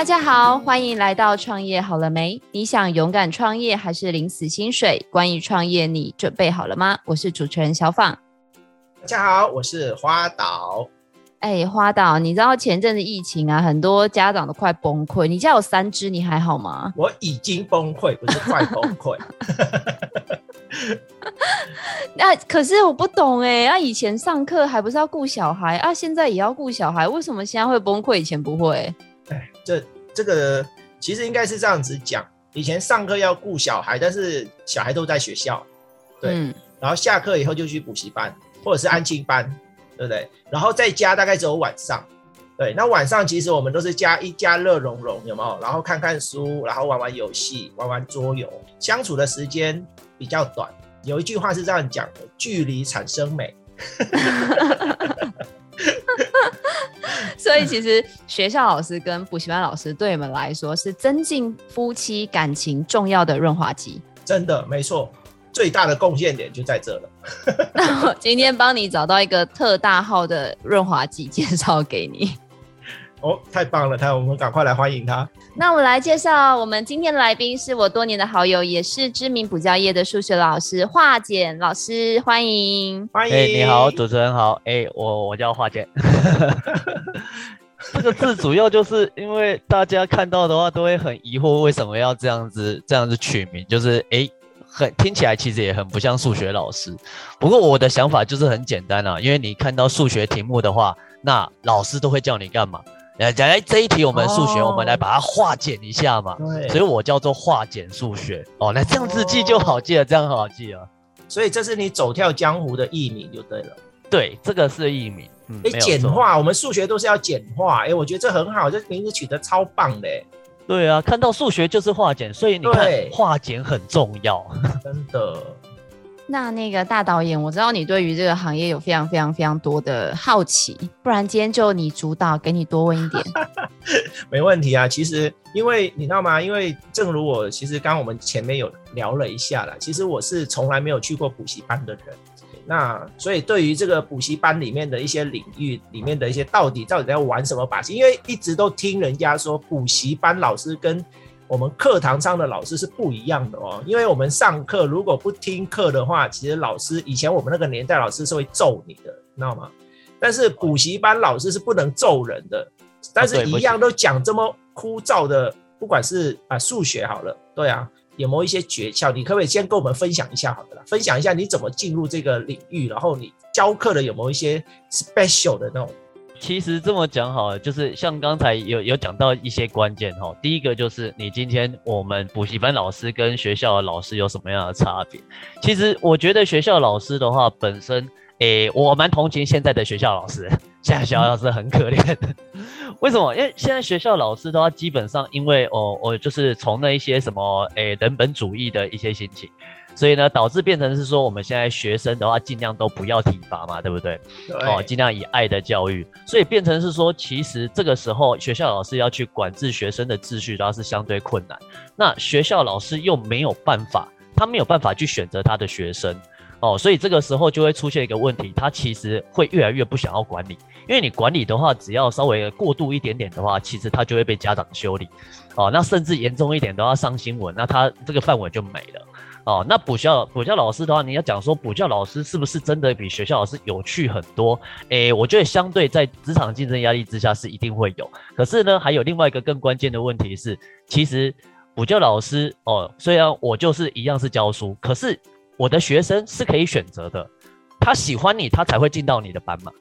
大家好，歡迎來到創業好了沒？你想勇敢創業還是領死薪水？關於創業，你準備好了嗎？我是主持人小放。大家好，我是花島。哎、欸，花島，你知道前陣子疫情啊，很多家長都快崩潰。你家有三隻，你還好嗎？我已經崩潰，不是快崩潰。那、 啊、可是我不懂哎、欸，那、啊、以前上課還不是要顧小孩啊？現在也要顧小孩，為什麼現在會崩潰？以前不會。這這個其實應該是這樣子講，以前上課要顧小孩，但是小孩都在學校，對，嗯、然後下課以後就去補習班或者是安親班，對不對？然後在家大概只有晚上，對，那晚上其實我們都是家一家樂融融，有沒有？然後看看書，然後玩玩遊戲，玩玩桌遊，相處的時間比較短。有一句話是這樣講的：距離產生美。 所以，其實學校老師跟補習班老師對你們來說是增進夫妻感情重要的潤滑劑。真的，沒錯，最大的貢獻點就在這了。 那我今天幫你找到一個特大號的潤滑劑介紹給你。哦，太棒了！他，我們趕快來歡迎他。那我們來介紹，我們今天的來賓是我多年的好友，也是知名補教業的數學老師，華戩老師，歡迎！歡迎！哎、欸，你好，主持人好。哎、欸，我我叫華戩。 這個字主要就是因為大家看到的話都會很疑惑，為什麼要這樣子這樣子取名？就是哎、欸，很聽起來其實也很不像數學老師。不過我的想法就是很簡單啊，因為你看到數學題目的話，那老師都會叫你幹嘛？哎，講來這一題，我們數學，我們來把它化簡一下嘛。對、oh，所以我叫做化簡數學。哦、oh，那這樣子記就好記了，oh. 這樣很好，好記了、啊。所以這是你走跳江湖的藝名就對了。對，這個是藝名。哎、嗯欸，簡化，我們數學都是要簡化。哎、欸，我覺得這很好，這名字取得超棒的、欸。對啊，看到數學就是化簡，所以你看，化簡很重要。真的。那那個大導演，我知道你對於這個行業有非常非常非常多的好奇，不然今天就你主導，給你多問一點。 沒問題啊，其實因為你知道嗎？因為正如我其實剛我們前面有聊了一下啦，其實我是從來沒有去過補習班的人，那所以對於這個補習班裡面的一些領域裡面的一些到底到底在玩什麼把戲，因為一直都聽人家說補習班老師跟我們課堂上的老師是不一樣的哦，因為我們上課如果不聽課的話，其實老師以前我們那個年代老師是會揍你的，你知道嗎？但是補習班老師是不能揍人的，哦，但是一樣都講這麼枯燥的，哦、不，不管是啊數學好了，對啊，有沒有一些訣竅，你可不可以先跟我們分享一下好了啦？分享一下你怎麼進入這個領域，然後你教課的有沒有一些 special 的那種。其實這麼講好，就是像剛才有有講到一些關鍵哈。第一個就是你今天我們補習班老師跟學校的老師有什麼樣的差別？其實我覺得學校老師的話，本身誒、欸，我蠻同情現在的學校老師，現在學校老師很可憐。 為什麼？因為現在學校老師的話，基本上因為哦，我就是從那一些什麼誒、欸、人本主義的一些心情。所以呢，導致變成是說，我們現在學生的話，盡量都不要體罰嘛，對不對？對哦，盡量以愛的教育。所以變成是說，其實這個時候學校老師要去管制學生的秩序的話，是相對困難。那學校老師又沒有辦法，他沒有辦法去選擇他的學生哦，所以這個時候就會出現一個問題，他其實會越來越不想要管理，因為你管理的話，只要稍微過度一點點的話，其實他就會被家長修理哦，那甚至嚴重一點都要上新聞，那他這個飯碗就沒了。哦，那補教補教老師的話，你要講說補教老師是不是真的比學校老師有趣很多？誒、欸，我覺得相對在職場競爭壓力之下是一定會有。可是呢，還有另外一個更關鍵的問題是，其實補教老師哦，雖然我就是一樣是教書，可是我的學生是可以選擇的，他喜歡你，他才會進到你的班嘛。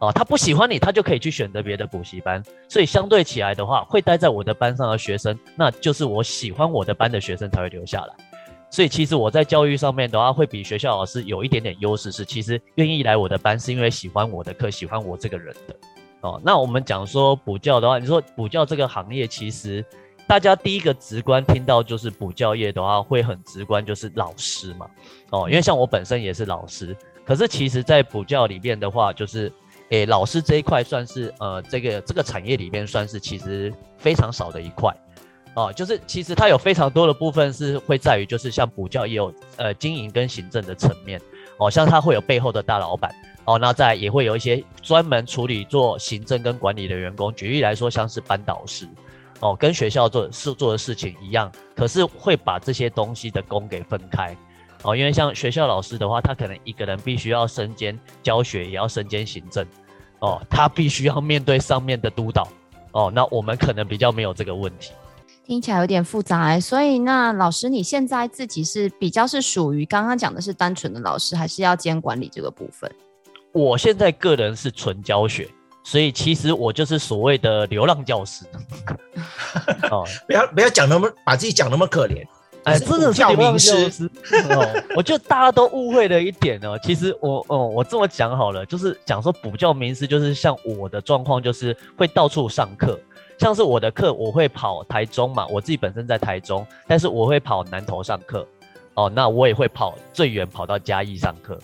哦，他不喜歡你，他就可以去選擇別的補習班。所以相對起來的話，會待在我的班上的學生，那就是我喜歡我的班的學生才會留下來。所以其實我在教育上面的話，會比學校老師有一點點優勢，是其實願意來我的班，是因為喜歡我的課，喜歡我這個人的。哦，那我們講說補教的話，你說補教這個行業，其實大家第一個直觀聽到就是補教業的話，會很直觀就是老師嘛。哦，因為像我本身也是老師，可是其實在補教裡面的話，就是，誒，老師這一塊算是，呃，這個，這個產業裡面算是其實非常少的一塊。哦，就是其實它有非常多的部分是會在於，就是像補教也有呃經營跟行政的層面，哦，像它會有背後的大老闆，哦，那再也會有一些專門處理做行政跟管理的員工。舉例來說，像是班導師，哦，跟學校做事做的事情一樣，可是會把這些東西的工給分開，哦，因為像學校老師的話，他可能一個人必須要身兼教學，也要身兼行政，哦，他必須要面對上面的督導，哦，那我們可能比較沒有這個問題。聽起來有點複雜，欸，所以那老師你現在自己是比較是屬於剛剛講的是單純的老師，還是要兼管理這個部分？我現在個人是純教學，所以其實我就是所謂的流浪教師。 哦，不要不要講那麼把自己講那麼可憐，就是，哎，真的是流浪教師、 哦。我就大家都誤會了一點呢，哦，其實我哦我這麼講好了，就是講說補教名師就是像我的狀況，就是會到處上課。像是我的課，我會跑台中嘛，我自己本身在台中，但是我會跑南投上課，哦，那我也會跑最遠跑到嘉義上課，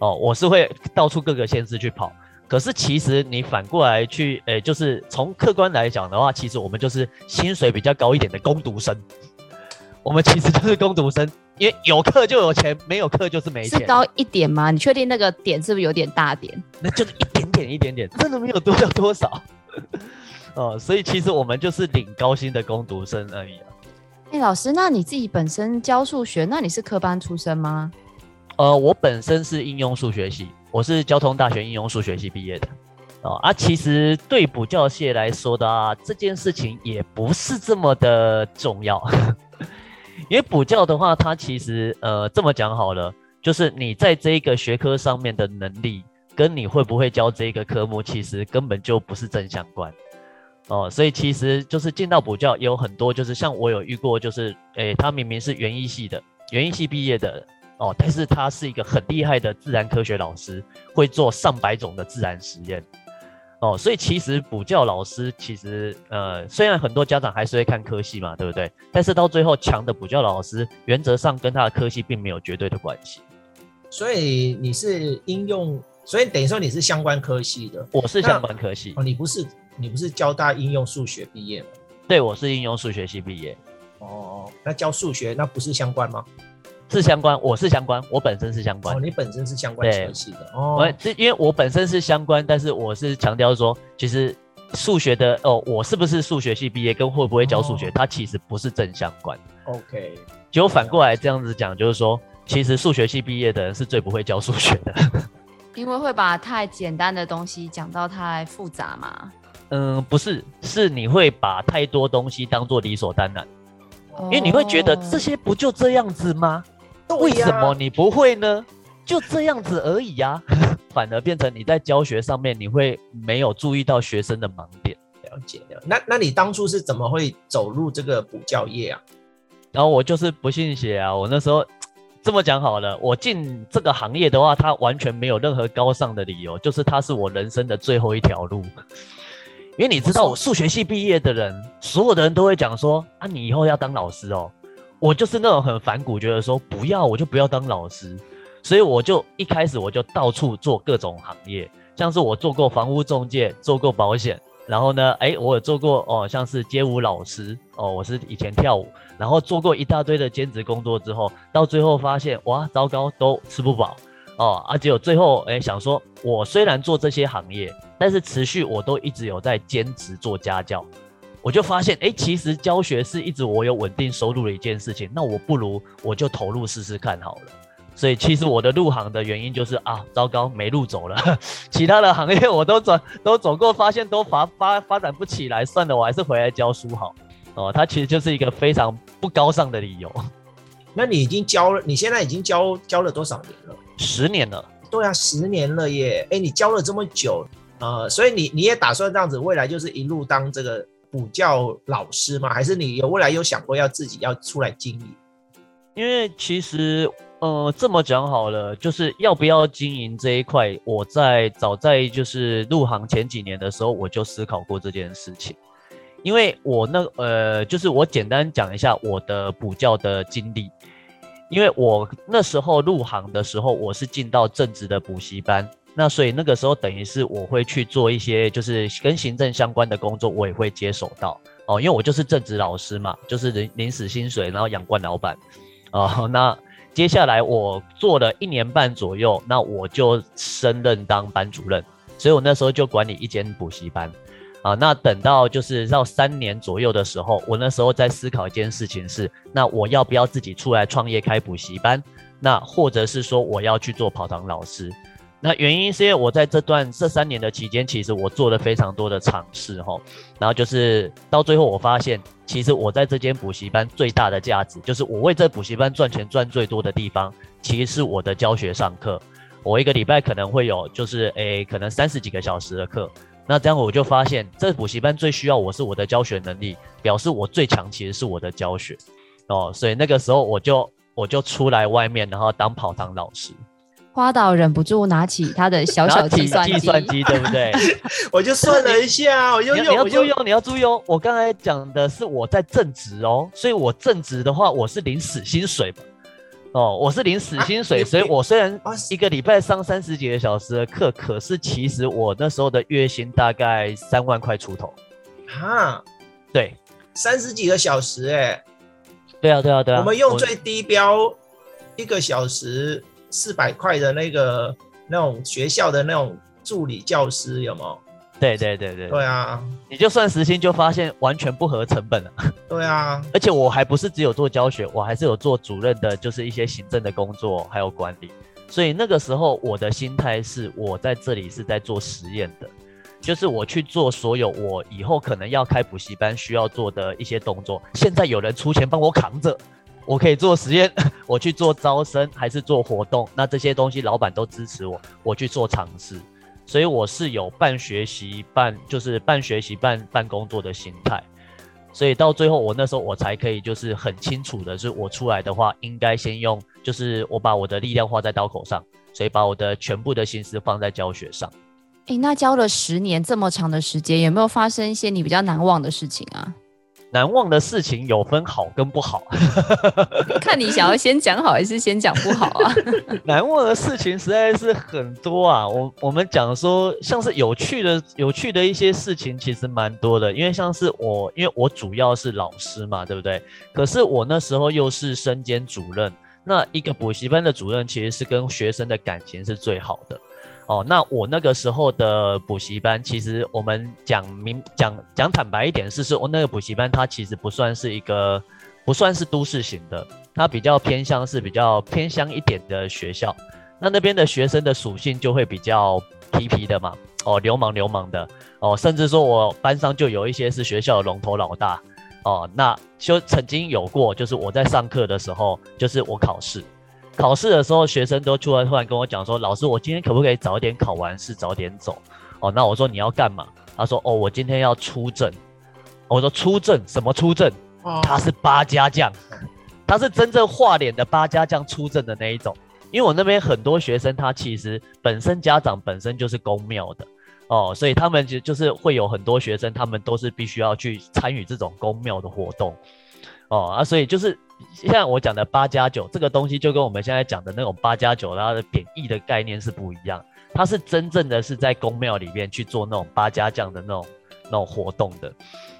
哦，我是會到處各個縣市去跑。可是其實你反過來去，誒、欸，就是從客觀來講的話，其實我們就是薪水比較高一點的工讀生，我們其實就是工讀生，因為有課就有錢，沒有課就是沒錢。是高一點嗎？你確定那個點是不是有點大點？那就是一點點一點點，真的沒有多到多少。 哦、嗯，所以其實我們就是領高薪的工讀生而已誒、啊，哎、欸，老師，那你自己本身教數學，那你是科班出身嗎？呃，我本身是應用數學系，我是交通大學應用數學系畢業的。哦、呃，啊，其實對補教系來說的啊，這件事情也不是這麼的重要， 因為補教的話，它其實呃這麼講好了，就是你在這一個學科上面的能力，跟你會不會教這個科目，其實根本就不是正相關。哦，所以其實就是進到補教也有很多，就是像我有遇過，就是誒、欸，他明明是園藝系的，園藝系畢業的哦，但是他是一個很厲害的自然科學老師，會做上百種的自然實驗。哦，所以其實補教老師其實呃，雖然很多家長還是會看科系嘛，對不對？但是到最後強的補教老師，原則上跟他的科系並沒有絕對的關係。所以你是應用，所以等於說你是相關科系的。我是相關科系。哦，你不是。你不是交大應用數學畢業嗎？對，我是應用數學系畢業。哦，那教數學那不是相關嗎？是相關，我是相關，我本身是相關、哦。你本身是相關係的哦，因為我本身是相關，但是我是強調說，其實數學的哦，我是不是數學系畢業，跟會不會教數學、哦，它其實不是正相關。OK，結果反過來這樣子講，就是說，嗯、其實數學系畢業的人是最不會教數學的，因為會把太簡單的東西講到太複雜嘛。嗯，不是，是你會把太多東西當做理所當然，因為你會覺得、oh. 這些不就這樣子嗎、啊？為什麼你不會呢？就這樣子而已呀、啊， 反而變成你在教學上面你會沒有注意到學生的盲點。了解、了解。那那你當初是怎麼會走入這個補教業啊？然後我就是不信邪啊！我那時候這麼講好了，我進這個行業的話，它完全沒有任何高尚的理由，就是它是我人生的最後一條路。 因為你知道我數學系畢業的人，所有的人都會講說啊，你以後要當老師哦。我就是那種很反骨，覺得說不要，我就不要當老師。所以我就一開始我就到處做各種行業，像是我做過房屋中介，做過保險，然後呢，哎，我也做過哦，像是街舞老師哦，我是以前跳舞，然後做過一大堆的兼職工作之後，到最後發現哇，糟糕，都吃不飽。哦，而且我最後哎，想說，我雖然做這些行業，但是持續我都一直有在兼職做家教，我就發現哎，其實教學是一直我有穩定收入的一件事情，那我不如我就投入試試看好了。所以其實我的入行的原因就是啊，糟糕沒路走了，其他的行業我都轉都走過，發現都發發發展不起來，算了，我還是回來教書好。哦，它其實就是一個非常不高尚的理由。那你已經教了，你現在已經教教了多少年了？十年了，對啊，十年了耶！哎、欸，你教了這麼久，呃，所以你你也打算這樣子，未來就是一路當這個補教老師嗎？還是你有未來有想過要自己要出來經營？因為其實，呃，這麼講好了，就是要不要經營這一塊，我在早在就是入行前幾年的時候，我就思考過這件事情。因為我那呃，就是我簡單講一下我的補教的經歷。因為我那時候入行的時候，我是進到正職的補習班，那所以那個時候等於是我會去做一些就是跟行政相關的工作，我也會接手到哦，因為我就是正職老師嘛，就是領領死薪水，然後養慣老闆，哦，那接下來我做了一年半左右，那我就升任當班主任，所以我那時候就管理一間補習班。啊，那等到就是到三年左右的時候，我那時候在思考一件事情是，那我要不要自己出來創業開補習班？那或者是說我要去做跑堂老師？那原因是因為我在這段這三年的期間，其實我做了非常多的嘗試哈。然後就是到最後我發現，其實我在這間補習班最大的價值，就是我為這補習班賺錢賺最多的地方，其實是我的教學上課。我一個禮拜可能會有就是誒，可能三十幾個小時的課。那這樣我就發現，這補習班最需要我是我的教學能力，表示我最強其實是我的教學，哦，所以那個時候我就我就出來外面，然後當跑堂老師。華戩忍不住拿起他的小小計算機 算機， 對不對？ 我就算了一下，你我又用用用，你要注意哦，你要注意哦，我剛才講的是我在正職哦，所以我正職的話，我是領死薪水吧哦，我是領死薪水，啊，所以我雖然一個禮拜上三十幾個小時的課，可是其實我那時候的月薪大概三萬塊出頭。哈，啊，對，三十幾個小時，欸，哎，對啊，對啊，對啊。我們用最低標，一個小時四百塊的那個那種學校的那種助理教師有沒有？對對對對對啊！你就算時薪就發現完全不合成本了。對啊，而且我還不是只有做教學，我還是有做主任的，就是一些行政的工作還有管理。所以那個時候我的心態是，我在這裡是在做實驗的，就是我去做所有我以後可能要開補習班需要做的一些動作。現在有人出錢幫我扛着，我可以做實驗，我去做招生，還是做活動，那這些東西老板都支持我，我去做嘗試。所以我是有半學習半就是半學習半半工作的心態，所以到最後我那時候我才可以就是很清楚的是我出來的話應該先用就是我把我的力量花在刀口上，所以把我的全部的心思放在教學上。誒、欸，那教了十年這麼長的時間，有沒有發生一些你比較難忘的事情啊？難忘的事情有分好跟不好，看你想要先講好還是先講不好啊 難忘的事情實在是很多啊，我我們講說像是有趣的、有趣的一些事情，其實蠻多的。因為像是我，因為我主要是老師嘛，對不對？可是我那時候又是身兼主任，那一個補習班的主任其實是跟學生的感情是最好的。哦，那我那個時候的補習班，其實我們講明講講坦白一點，是是我那個補習班，它其實不算是一個不算是都市型的，它比較偏向是比較偏鄉一點的學校。那那邊的學生的屬性就會比較皮皮的嘛，哦，流氓流氓的，哦，甚至說我班上就有一些是學校的龍頭老大。哦，那就曾經有過，就是我在上課的時候，就是我考試。考試的時候，學生都突然突然跟我講說：“老師，我今天可不可以早點考完試，早點走？”哦，那我說你要幹嘛？他說：“哦，我今天要出陣。哦”我說出：“出陣什麼出陣？”哦，他是八家將，他是真正畫臉的八家將出陣的那一種。因為我那邊很多學生，他其實本身家長本身就是宮廟的哦，所以他們其實就是會有很多學生，他們都是必須要去參與這種宮廟的活動哦啊，所以就是。像我講的八加九這個東西，就跟我們現在講的那種八加九，它的貶義的概念是不一樣。它是真正的是在宮廟裡面去做那種八家將的那種那種活動的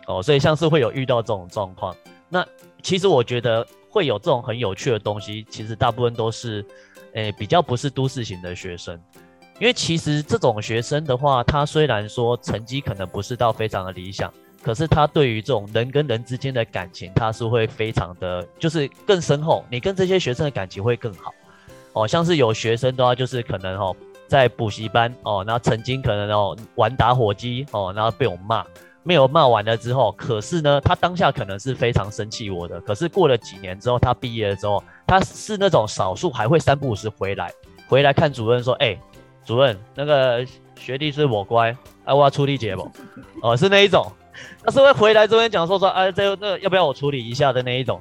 哦，所以像是會有遇到這種狀況。那其實我覺得會有這種很有趣的東西，其實大部分都是，誒、欸、比較不是都市型的學生，因為其實這種學生的話，他雖然說成績可能不是到非常的理想。可是他對於這種人跟人之間的感情，他是會非常的，就是更深厚。你跟這些學生的感情會更好，哦，像是有學生的話就是可能哦，在補習班哦，然後曾經可能哦玩打火機哦，然後被我罵，沒有罵完了之後，可是呢，他當下可能是非常生氣我的。可是過了幾年之後，他畢業了之後，他是那種少數還會三不五時回來，回來看主任說：“哎，主任，那個學弟是我乖，啊，我要出力解剖。哦，是那一種。”他是會回來這邊講說說，哎、啊，這那個、要不要我處理一下的那一種，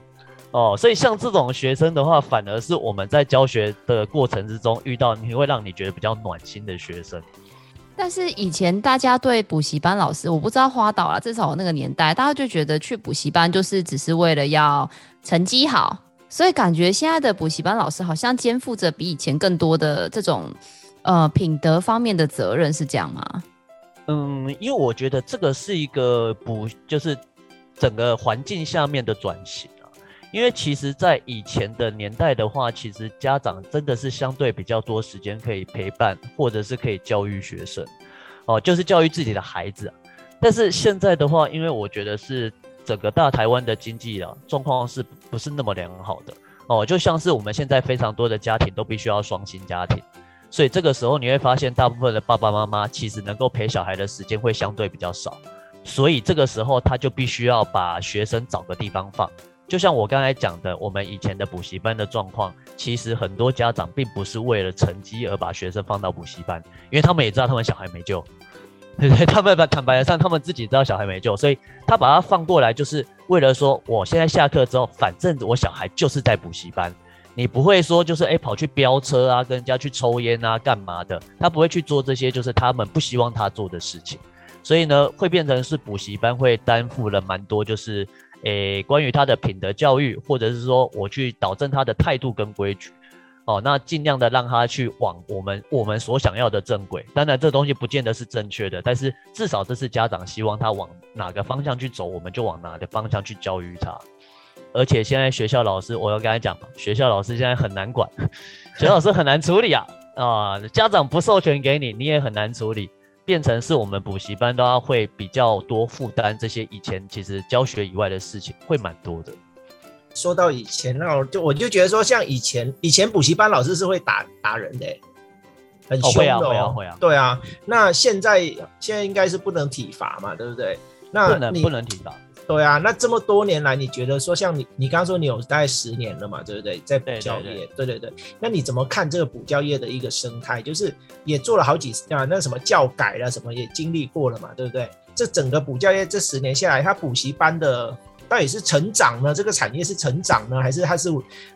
哦，所以像這種學生的話，反而是我們在教學的過程之中遇到，你會讓你覺得比較暖心的學生。但是以前大家對補習班老師，我不知道華戩啊，至少我那個年代，大家就覺得去補習班就是只是為了要成績好，所以感覺現在的補習班老師好像肩負着比以前更多的這種呃品德方面的責任，是這樣嗎？嗯，因為我覺得這個是一個補，就是整個環境下面的轉型啊。因為其實在以前的年代的話，其實家長真的是相對比較多時間可以陪伴，或者是可以教育學生，哦，就是教育自己的孩子啊。但是現在的話，因為我覺得是整個大台灣的經濟啊狀況是不是那麼良好的哦？就像是我們現在非常多的家庭都必須要雙薪家庭。所以這個時候你會發現，大部分的爸爸媽媽其實能夠陪小孩的時間會相對比較少，所以這個時候他就必須要把學生找個地方放。就像我剛才講的，我們以前的補習班的狀況，其實很多家長並不是為了成績而把學生放到補習班，因為他們也知道他們小孩沒救，對不對？他們坦白的上，他們自己知道小孩沒救，所以他把他放過來就是為了說，我現在下課之後，反正我小孩就是在補習班。你不會說就是誒、欸、跑去飆車啊，跟人家去抽菸啊，幹嘛的？他不會去做這些，就是他們不希望他做的事情。所以呢，會變成是補習班會擔負了蠻多，就是誒、欸、關於他的品德教育，或者是說我去導正他的態度跟規矩。哦，那盡量的讓他去往我們我們所想要的正軌。當然這東西不見得是正確的，但是至少這是家長希望他往哪個方向去走，我們就往哪個方向去教育他。而且現在學校老師，我要跟他講，學校老師現在很難管，學校老師很難處理啊啊、 呃！家長不授權給你，你也很難處理，變成是我們補習班都要會比較多負擔這些以前其實教學以外的事情，會蠻多的。說到以前，那我就我就覺得說，像以前以前補習班老師是會打打人的，欸，很凶的、哦哦、會啊會啊會啊！對啊，那現在現在應該是不能體罰嘛，對不對？那不能不能體罰。對啊，那這麼多年來，你覺得說像你，你剛剛說你有大概十年了嘛，對不對？在補教業對對對對對對，對對對。那你怎麼看這個補教業的一個生態？就是也做了好幾啊，那什麼教改了，什麼也經歷過了嘛，對不對？這整個補教業這十年下來，它補習班的到底是成長呢？這個產業是成長呢，還是它是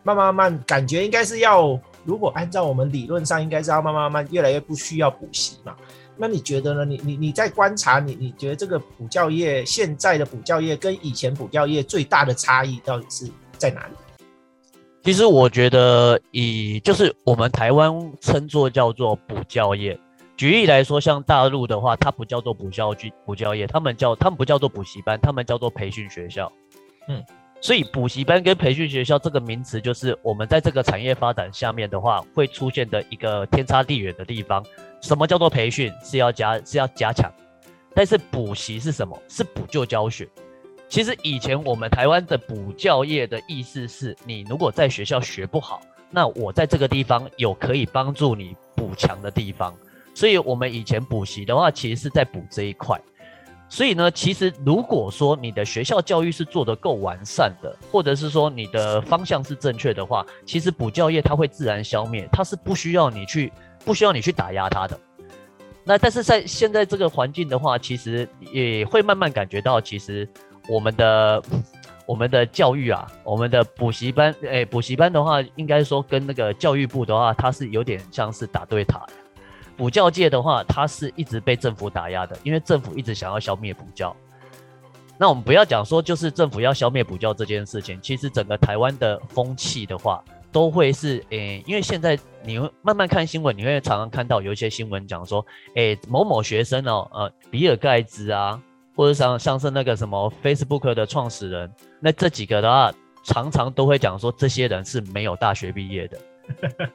慢慢慢慢？感覺應該是要，如果按照我們理論上，應該是要慢慢慢慢越來越不需要補習嘛。那你覺得呢？你你你在觀察，你你覺得這個補教業現在的補教業跟以前補教業最大的差異到底是在哪裡？其實我覺得以就是我們台灣稱作叫做補教業，舉例來說，像大陸的話，它不叫做補教補教業，他們叫他們不叫做補習班，他們叫做培訓學校。嗯，所以補習班跟培訓學校這個名詞，就是我們在這個產業發展下面的話，會出現的一個天差地遠的地方。什麼叫做培訓？是要加，是要加強，但是補習是什麼？是補救教學。其實以前我們台灣的補教業的意思是，你如果在學校學不好，那我在這個地方有可以幫助你補強的地方。所以，我們以前補習的話，其實是在補這一塊。所以呢，其實如果說你的學校教育是做得夠完善的，或者是說你的方向是正確的話，其實補教業它會自然消滅，它是不需要你去。不需要你去打壓他的，那但是在現在這個環境的話，其實也會慢慢感覺到，其實我們的我們的教育啊，我們的補習班，誒、欸，補習班的話，應該說跟那個教育部的話，它是有點像是打對台的。補教界的話，它是一直被政府打壓的，因為政府一直想要消滅補教。那我們不要講說就是政府要消滅補教這件事情，其實整個台灣的風氣的話。都會是誒、欸，因為現在你會慢慢看新聞，你會常常看到有一些新聞講說，誒、欸，某某學生哦，呃，比爾蓋茨啊，或者像像是那個什麼 Facebook 的創始人，那這幾個的話，常常都會講說，這些人是沒有大學畢業的。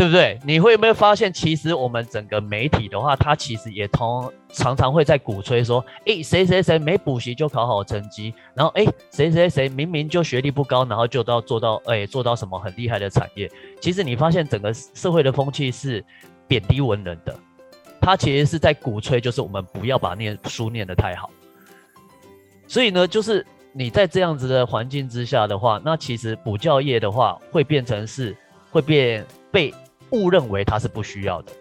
對不對？你會有沒有發現，其實我們整個媒體的話，它其實也通常常會在鼓吹說，哎，誰誰誰沒補習就考好成績，然後哎，誰誰誰明明就學歷不高，然後就到做到哎，做到什麼很厲害的產業。其實你發現整個社會的風氣是貶低文人的，他其實是在鼓吹，就是我們不要把念書念得太好。所以呢，就是你在這樣子的環境之下的話，那其實補教業的話，會變成是會變被。誤認為他是不需要的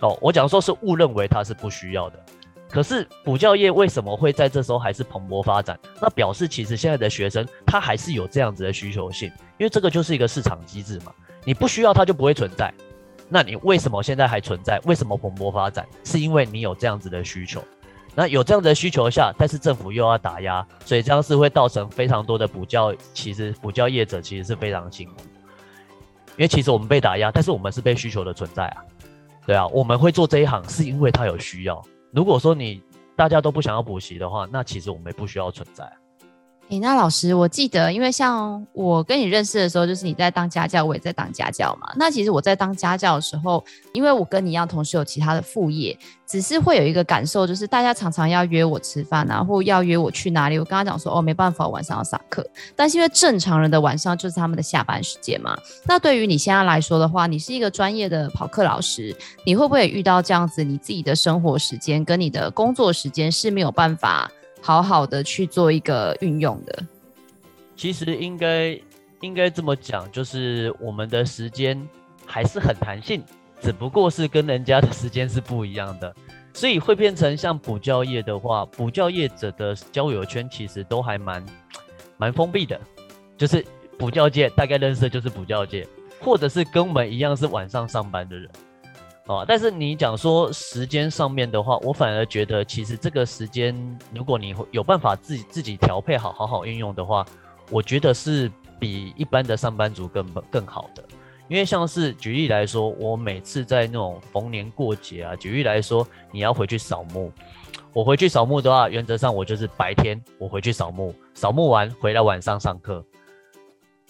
哦，我講說是誤認為他是不需要的，可是補教業為什麼會在這時候還是蓬勃發展？那表示其實現在的學生他還是有這樣子的需求性，因為這個就是一個市場機制嘛，你不需要它就不會存在。那你為什麼現在還存在？為什麼蓬勃發展？是因為你有這樣子的需求。那有這樣子的需求下，但是政府又要打壓，所以這樣是會造成非常多的補教，其實補教業者其實是非常辛苦。因為其實我們被打壓，但是我們是被需求的存在啊。對啊，我們會做這一行是因為它有需要。如果說你大家都不想要補習的話，那其實我們也不需要存在啊。哎、欸，那老師，我記得，因為像我跟你認識的時候，就是你在當家教，我也在當家教嘛。那其實我在當家教的時候，因為我跟你一樣，同時有其他的副業，只是會有一個感受，就是大家常常要約我吃飯啊，或要約我去哪裡。我跟他講說，哦，沒辦法，晚上要上課。但是因為正常人的晚上就是他們的下班時間嘛。那對於你現在來說的話，你是一個專業的跑課老師，你會不會也遇到這樣子，你自己的生活時間跟你的工作時間是沒有辦法？好好的去做一個運用的，其實應該應該這麼講，就是我們的時間還是很彈性，只不過是跟人家的時間是不一樣的，所以會變成像補教業的話，補教業者的交友圈其實都還蠻蠻封閉的，就是補教界大概認識的就是補教界，或者是跟我們一樣是晚上上班的人。哦、啊，但是你講說時間上面的話，我反而覺得其實這個時間，如果你有辦法自己自己調配好，好好運用的話，我覺得是比一般的上班族更更好的。因為像是舉例來說，我每次在那種逢年過節啊，舉例來說，你要回去掃墓，我回去掃墓的話，原則上我就是白天，我回去掃墓，掃墓完回來晚上上課。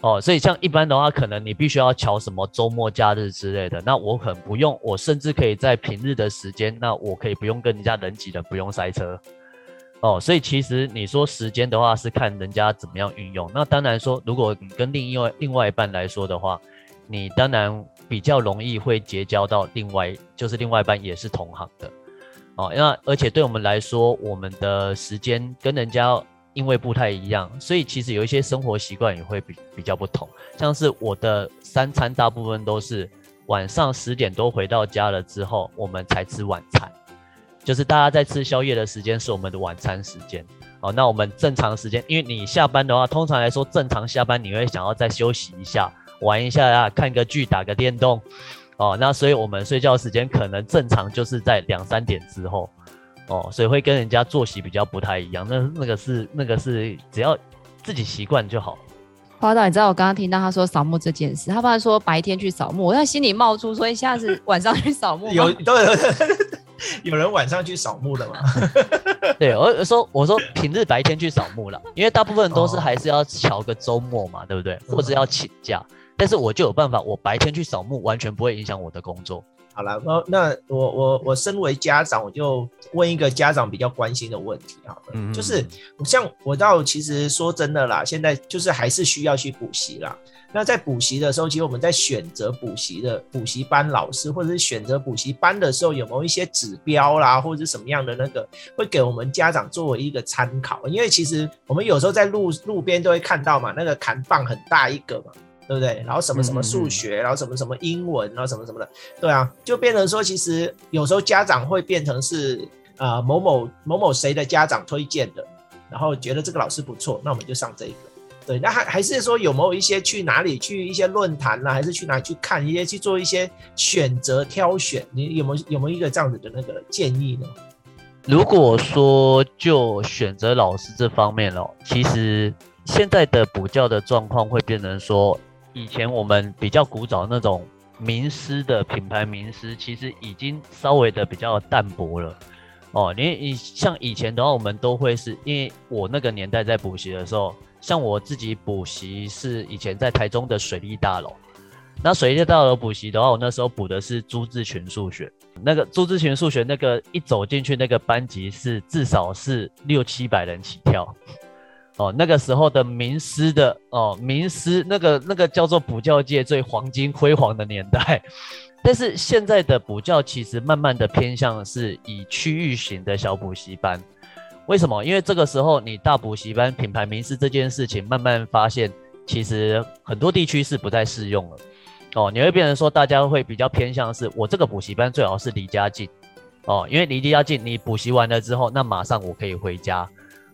哦，所以像一般的話，可能你必須要喬什麼周末假日之類的。那我可不用，我甚至可以在平日的時間，那我可以不用跟人家人擠人，不用塞車。哦，所以其實你說時間的話，是看人家怎麼樣運用。那當然說，如果你跟另一外另外一半來說的話，你當然比較容易會結交到另外就是另外一半也是同行的。哦，那而且對我們來說，我們的時間跟人家。因為不太一樣，所以其實有一些生活習慣也會比比較不同。像是我的三餐大部分都是晚上十點多回到家了之後，我們才吃晚餐。就是大家在吃宵夜的時間是我們的晚餐時間。哦，那我們正常時間，因為你下班的話，通常來說正常下班你會想要再休息一下、玩一下啊，看個劇、打個電動。哦，那所以我們睡覺時間可能正常就是在兩三點之後。哦，所以會跟人家作息比較不太一樣。那那個是那個是，那個是那個、是只要自己習慣就好。花道，你知道我剛剛聽到他說掃墓這件事，他爸說白天去掃墓，我在心裡冒出說，下次晚上去掃墓。有都有有人晚上去掃墓的嗎？ 對，我說我說平日白天去掃墓了，因為大部分都是還是要喬個週末嘛，對不對？或者要請假、嗯，但是我就有辦法，我白天去掃墓完全不會影響我的工作。好了，那那我我我身為家長，我就問一個家長比較關心的問題，好了，嗯嗯嗯，就是像我到其實說真的啦，現在就是還是需要去補習啦。那在補習的時候，其實我們在選擇補習的補習班老師，或者是選擇補習班的時候，有沒有一些指標啦，或者是什麼樣的那個會給我們家長作為一個參考？因為其實我們有時候在路路邊都會看到嘛，那個看板很大一個嘛。對不對？然後什麼什麼數學，嗯嗯，然後什麼什麼英文啊，然後什麼什麼的，對啊，就變成說，其實有時候家長會變成是、呃、某某某某誰的家長推薦的，然後覺得這個老師不錯，那我們就上這一個。對，那還還是說有沒有一些去哪裡去一些論壇啊，還是去哪裡去看一些去做一些選擇挑選？你有沒有有沒有一個這樣子的那個建議呢？如果說就選擇老師這方面哦，其實現在的補教的狀況會變成說。以前我們比較古早那種名師的品牌，名師其實已經稍微的比較淡薄了哦。你你像以前的話，我們都會是因為我那個年代在補習的時候，像我自己補習是以前在台中的水利大樓，那水利大樓補習的話，我那時候補的是朱志群數學，那個朱志群數學那個一走進去那個班級是至少是六七百人起跳。哦，那個時候的名師的哦，名師那個那個叫做補教界最黃金輝煌的年代，但是現在的補教其實慢慢的偏向是以區域型的小補習班，為什麼？因為這個時候你大補習班品牌名師這件事情慢慢發現，其實很多地區是不太適用了，哦，你會變成說大家會比較偏向是我這個補習班最好是離家近，哦，因為離家近，你補習完了之後，那馬上我可以回家。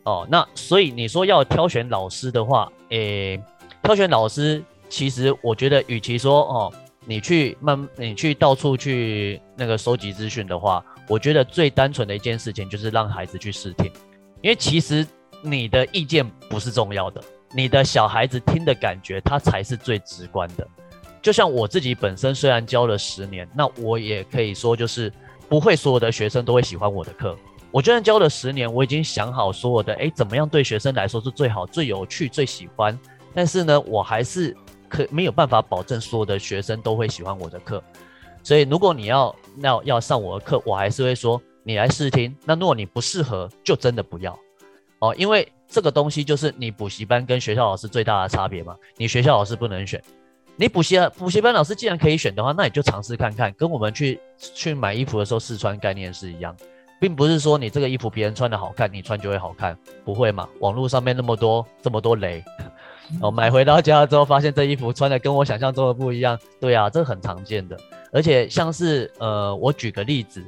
哦，那所以你說要挑選老師的話，誒、欸，挑選老師，其實我覺得與其說哦，你去慢慢，你去到處去那個收集資訊的話，我覺得最單純的一件事情就是讓孩子去試聽，因為其實你的意見不是重要的，你的小孩子聽的感覺，他才是最直觀的。就像我自己本身雖然教了十年，那我也可以說就是不會所有的學生都會喜歡我的課。我就算教了十年，我已經想好所有的哎，怎麼樣對學生來說是最好、最有趣、最喜歡。但是呢，我還是可沒有辦法保證所有的學生都會喜歡我的課。所以，如果你要要要上我的課，我還是會說你來試聽。那如果你不適合，就真的不要哦，因為這個東西就是你補習班跟學校老師最大的差別嘛。你學校老師不能選，你補習補習班老師既然可以選的話，那你就嘗試看看，跟我們去去買衣服的時候試穿概念是一樣。並不是說你這個衣服別人穿的好看，你穿就會好看，不會嘛？網絡上面那麼多這麼多雷，哦， 買回到家之後發現這衣服穿的跟我想象中的不一樣。對啊，這很常見的。而且像是呃，我舉個例子。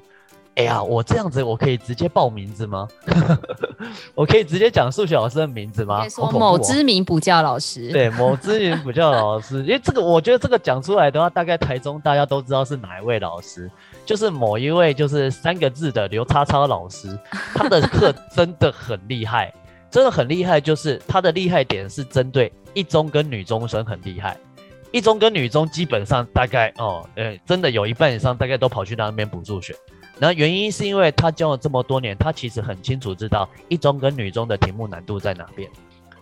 哎、欸、呀、啊，我這樣子我可以直接報名字嗎？ 我可以直接講數學老師的名字嗎？某知、oh, 喔、名補教老師，對，某知名補教老師， 因為這個我覺得這個講出來的話，大概台中大家都知道是哪一位老師，就是某一位就是三個字的劉叉叉老師，他的課真的很厲害，真的很厲害，就是他的厲害點是針對一中跟女中生，很厲害，一中跟女中基本上大概哦，呃、嗯，真的有一半以上大概都跑去那邊補數學。那原因是因為他教了這麼多年，他其實很清楚知道一中跟女中的題目難度在哪邊，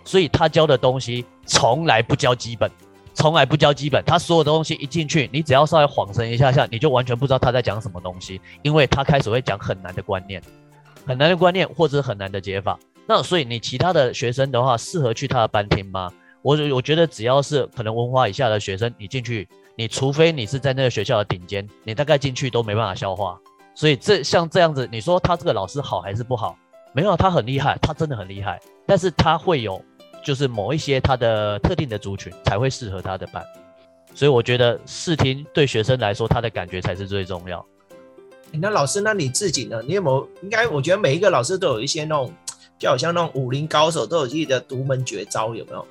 所以他教的東西從來不教基本，從來不教基本，他所有的東西一進去，你只要稍微恍神一下下，你就完全不知道他在講什麼東西，因為他開始會講很難的觀念，很難的觀念或者很難的解法。那所以你其他的學生的話，適合去他的班聽嗎？我我覺得只要是可能文華以下的學生，你進去，你除非你是在那個學校的頂尖，你大概進去都沒辦法消化。所以這像這樣子，你說他這個老師好還是不好？沒有，他很厲害，他真的很厲害。但是他會有，就是某一些他的特定的族群才會適合他的班。所以我覺得試聽對學生來說，他的感覺才是最重要。那老師，那你自己呢？你有沒有應該？我覺得每一個老師都有一些那種，就好像那種武林高手都有自己的獨門絕招，有沒有？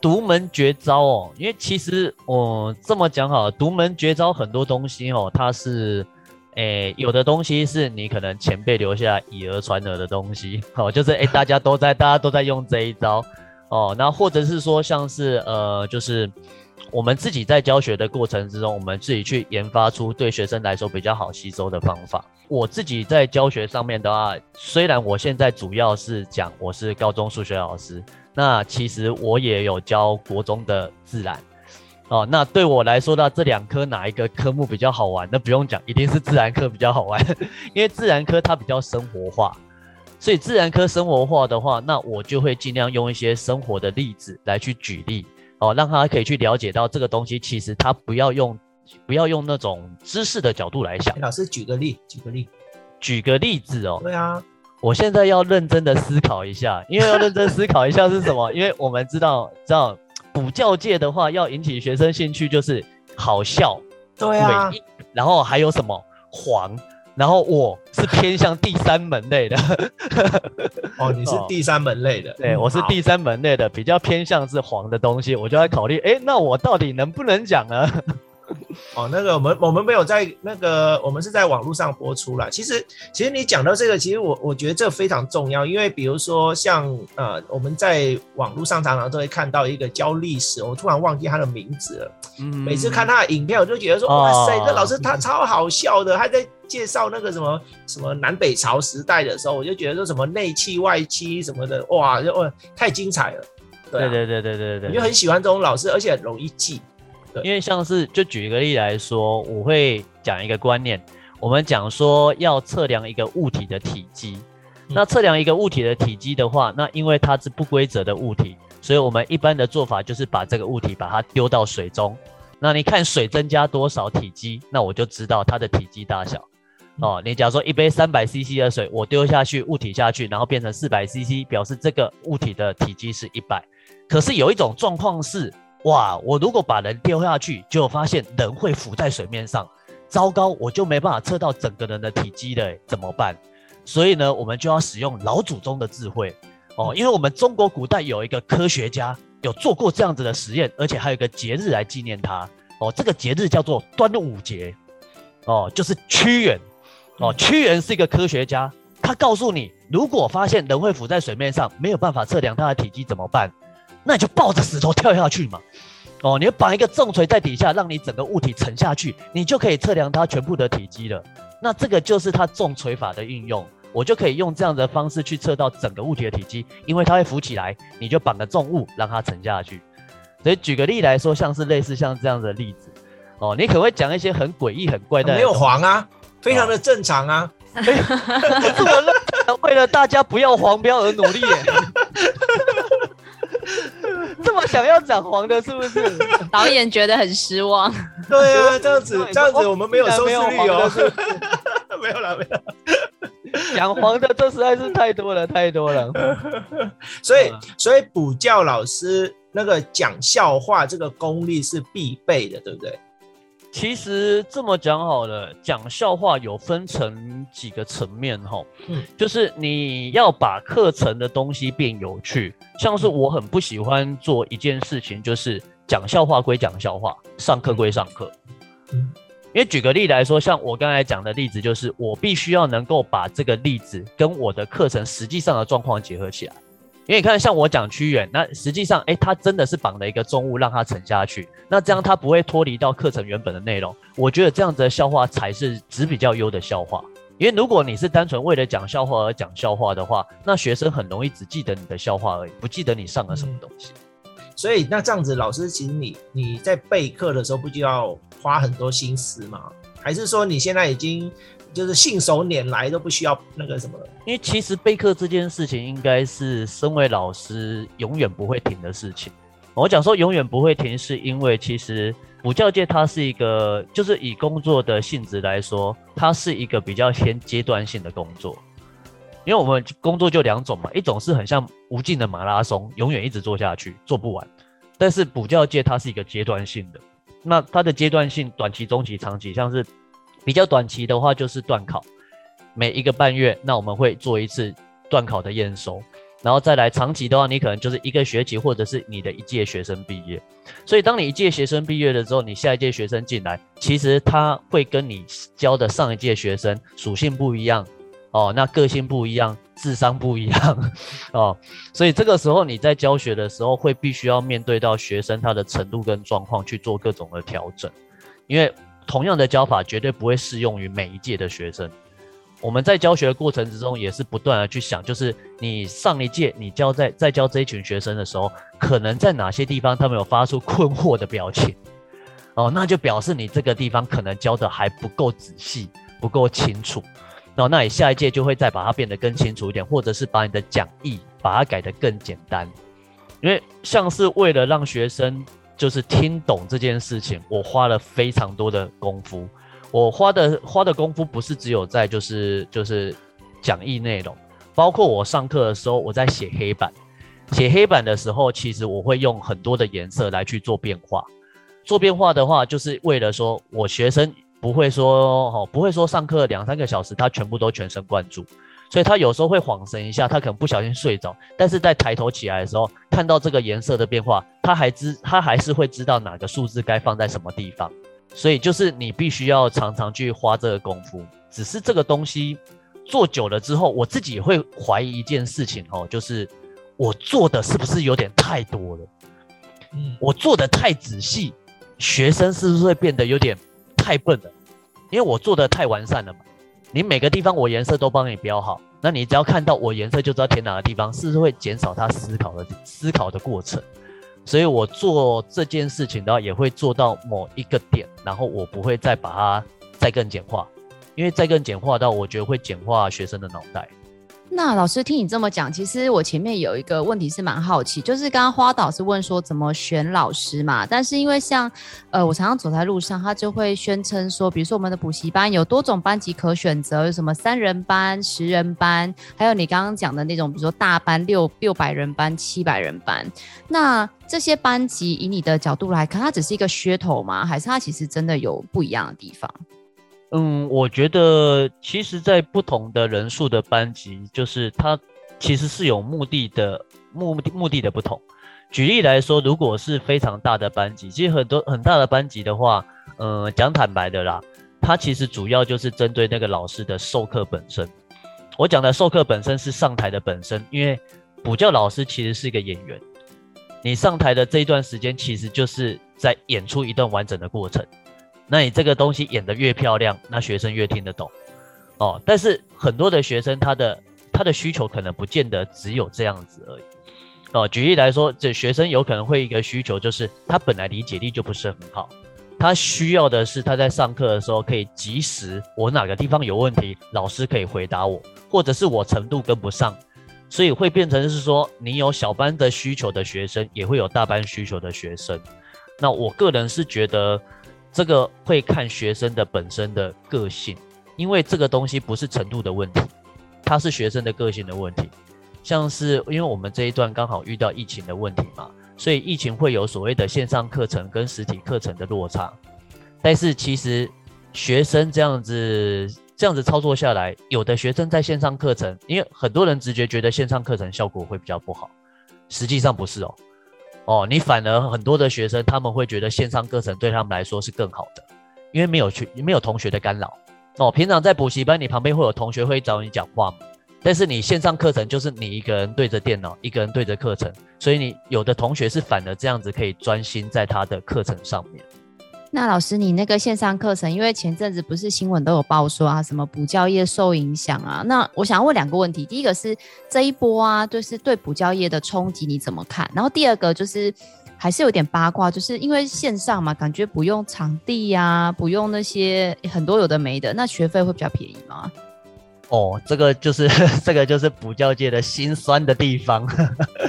獨門絕招哦，因為其實我、嗯、這麼講好，獨門絕招很多東西哦，它是。誒、欸，有的東西是你可能前輩留下以訛傳訛的東西，好、哦，就是誒、欸，大家都在 大家都在用這一招，哦，那或者是說像是呃，就是我們自己在教學的過程之中，我們自己去研發出對學生來說比較好吸收的方法。我自己在教學上面的話，雖然我現在主要是講我是高中數學老師，那其實我也有教國中的自然。哦，那對我來說呢，那這兩科哪一個科目比較好玩？那不用講，一定是自然科比較好玩，因為自然科它比較生活化，所以自然科生活化的話，那我就會盡量用一些生活的例子來去舉例，哦，讓他可以去了解到這個東西，其實他不要用，不要用那種知識的角度來想。欸、老師舉個例，舉個例，舉個例子哦。對啊，我現在要認真的思考一下，因為要認真思考一下是什麼？ 因為我們知道知道。補教界的話，要引起學生興趣就是好笑，對、啊、美，然後還有什麼黃，然後我是偏向第三門類的。 哦，你是第三門類的，哦嗯、對、嗯，我是第三門類的，比較偏向是黃的東西，我就在考慮，哎，那我到底能不能講呢？ 哦，那個我們我們沒有在那個我們是在網絡上播出了。其實其實你講到這個，其實我我覺得這非常重要，因為比如說像呃我們在網絡上常,常常都會看到一個教歷史，我突然忘記他的名字了。嗯。每次看他的影片，我就覺得說、嗯、哇塞，那、哦、老師他超好笑的，他在介紹那個什麼什麼南北朝時代的時候，我就覺得說什麼內氣外戚什麼的，哇，太精彩了。對、啊、對,對,對對對對對。因為很喜歡這種老師，而且很容易記。因為像是就舉一個例來說，我會講一個觀念，我們講說要測量一個物體的體積，那測量一個物體的體積的話，那因為它是不規則的物體，所以我們一般的做法就是把這個物體把它丟到水中，那你看水增加多少體積，那我就知道它的體積大小。哦，你假如說一杯三百 CC 的水，我丟下去，物體下去，然後變成四百 CC，表示這個物體的體積是一百。可是有一種狀況是。哇！我如果把人丟下去，就發現人會浮在水面上，糟糕，我就沒辦法測到整個人的體積了欸，怎麼辦？所以呢，我們就要使用老祖宗的智慧哦，因為我們中國古代有一個科學家有做過這樣子的實驗，而且還有一個節日來紀念他哦，這個節日叫做端午節哦，就是屈原哦，屈原是一個科學家，他告訴你，如果發現人會浮在水面上，沒有辦法測量他的體積，怎麼辦？那你就抱着石頭跳下去嘛，哦，你要綁一個重錘在底下，讓你整個物體沉下去，你就可以測量它全部的體積了。那這個就是它重錘法的運用，我就可以用這樣的方式去測到整個物體的體積，因為它會浮起來，你就綁個重物讓它沉下去。所以舉個例來說，像是類似像這樣的例子，哦，你可不可以講一些很詭異、很怪的、啊？沒有黃啊，非常的正常啊。我為了為了大家不要黃標而努力。 想要講黃的，是不是？ 導演覺得很失望。對啊，這樣子， 這樣子，我們沒有收視率哦。沒有啦， 沒有了。講黃的，這實在是太多了，太多了。 所以，所以補教老師那個講笑話這個功力是必備的，對不對？其實這麼講好了，講笑話有分成幾個層面齁，嗯，就是你要把課程的東西變有趣，像是我很不喜歡做一件事情，就是講笑話歸講笑話，上課歸上課。嗯，因為舉個例來說，像我剛才講的例子，就是我必須要能夠把這個例子跟我的課程實際上的狀況結合起來。因為你看，像我講屈原，那實際上誒、欸，他真的是綁了一個重物讓他沉下去，那這樣他不會脫離到課程原本的內容。我覺得這樣子的笑話才是質比較優的笑話。因為如果你是單純為了講笑話而講笑話的話，那學生很容易只記得你的笑話而已，不記得你上了什麼東西。嗯、所以那這樣子，老師請你你在備課的時候不就要花很多心思嗎？還是說你現在已經？就是信手拈來都不需要那個什麼了，因為其實備課這件事情應該是身為老師永遠不會停的事情。我講說永遠不會停，是因為其實補教界它是一個，就是以工作的性質來說，它是一個比較偏階段性的工作。因為我們工作就兩種嘛，一種是很像無盡的馬拉松，永遠一直做下去做不完，但是補教界它是一個階段性的，那它的階段性短期、中期、長期，像是。比較短期的話，就是段考，每一個半月，那我們會做一次段考的驗收，然後再來長期的話，你可能就是一個學期，或者是你的一屆學生畢業。所以，當你一屆學生畢業的時候，你下一屆學生進來，其實他會跟你教的上一屆學生屬性不一樣哦，那個性不一樣，智商不一樣哦，所以這個時候你在教學的時候會必須要面對到學生他的程度跟狀況去做各種的調整，因為。同樣的教法，絕對不會適用於每一屆的學生。我們在教學的過程之中，也是不斷的去想，就是你上一屆你教在、在教這一群學生的時候，可能在哪些地方他們有發出困惑的表情，哦，那就表示你這個地方可能教的還不夠仔細，不夠清楚。然後那你下一屆就會再把它變得更清楚一點，或者是把你的講義把它改得更簡單，因為像是為了讓學生。就是聽懂這件事情，我花了非常多的功夫。我花的花的功夫不是只有在就是就是講義內容，包括我上課的時候，我在寫黑板，寫黑板的時候，其實我會用很多的顏色來去做變化。做變化的話，就是為了說我學生不會說哦，不會說上課兩三個小時他全部都全神貫注。所以他有時候會恍神一下，他可能不小心睡着，但是在抬頭起來的時候，看到這個顏色的變化，他還知，他還是會知道哪個數字該放在什麼地方。所以就是你必須要常常去花這個功夫。只是這個東西做久了之後，我自己也會懷疑一件事情哦，就是我做的是不是有點太多了？嗯，我做的太仔細，學生是不是會變得有點太笨了？因為我做的太完善了嘛。你每個地方我顏色都幫你標好，那你只要看到我顏色就知道填哪個地方，是不是會減少他思考的思考的過程？所以我做這件事情的話，也會做到某一個點，然後我不會再把它再更簡化，因為再更簡化到我覺得會簡化學生的腦袋。那老師聽你這麼講，其實我前面有一個問題是蠻好奇，就是剛剛華戩是問說怎麼選老師嘛，但是因為像呃，我常常走在路上，他就會宣稱說，比如說我們的補習班有多種班級可選擇，有什麼三人班、十人班，還有你剛剛講的那種，比如說大班六六百人班、七百人班，那這些班級以你的角度來看，它只是一個噱頭嗎？還是它其實真的有不一樣的地方？嗯，我覺得其實，在不同的人數的班級，就是它其實是有目的的，目的目的的不同。舉例來說，如果是非常大的班級，其實很多很大的班級的話，嗯、呃，講坦白的啦，它其實主要就是針對那個老師的授課本身。我講的授課本身是上台的本身，因為補教老師其實是一個演員，你上台的這一段時間，其實就是在演出一段完整的過程。那你這個東西演得越漂亮，那學生越聽得懂，哦。但是很多的學生他的他的需求可能不見得只有這樣子而已，哦。舉例來說，這學生有可能會一個需求就是他本來理解力就不是很好，他需要的是他在上課的時候可以及時我哪個地方有問題，老師可以回答我，或者是我程度跟不上，所以會變成是說你有小班的需求的學生也會有大班需求的學生。那我個人是覺得。這個會看學生的本身的個性，因為這個東西不是程度的問題，它是學生的個性的問題。像是因為我們這一段剛好遇到疫情的問題嘛，所以疫情會有所謂的線上課程跟實體課程的落差。但是其實學生這樣子這樣子操作下來，有的學生在線上課程，因為很多人直覺覺得線上課程效果會比較不好，實際上不是哦。哦，你反而很多的學生，他們會覺得線上課程對他們來說是更好的，因為沒有去沒有同學的干擾。哦，平常在補習班，你旁邊會有同學會找你講話嘛，但是你線上課程就是你一個人對着電腦，一個人對着課程，所以你有的同學是反而這樣子可以專心在他的課程上面。那老師，你那個線上課程，因為前陣子不是新聞都有報說啊，什麼補教業受影響啊？那我想要問兩個問題，第一個是這一波啊，就是對補教業的衝擊你怎麼看？然後第二個就是還是有點八卦，就是因為線上嘛，感覺不用場地呀、啊，不用那些、欸、很多有的沒的，那學費會比較便宜嗎？哦，這個就是這個就是補教界的心酸的地方。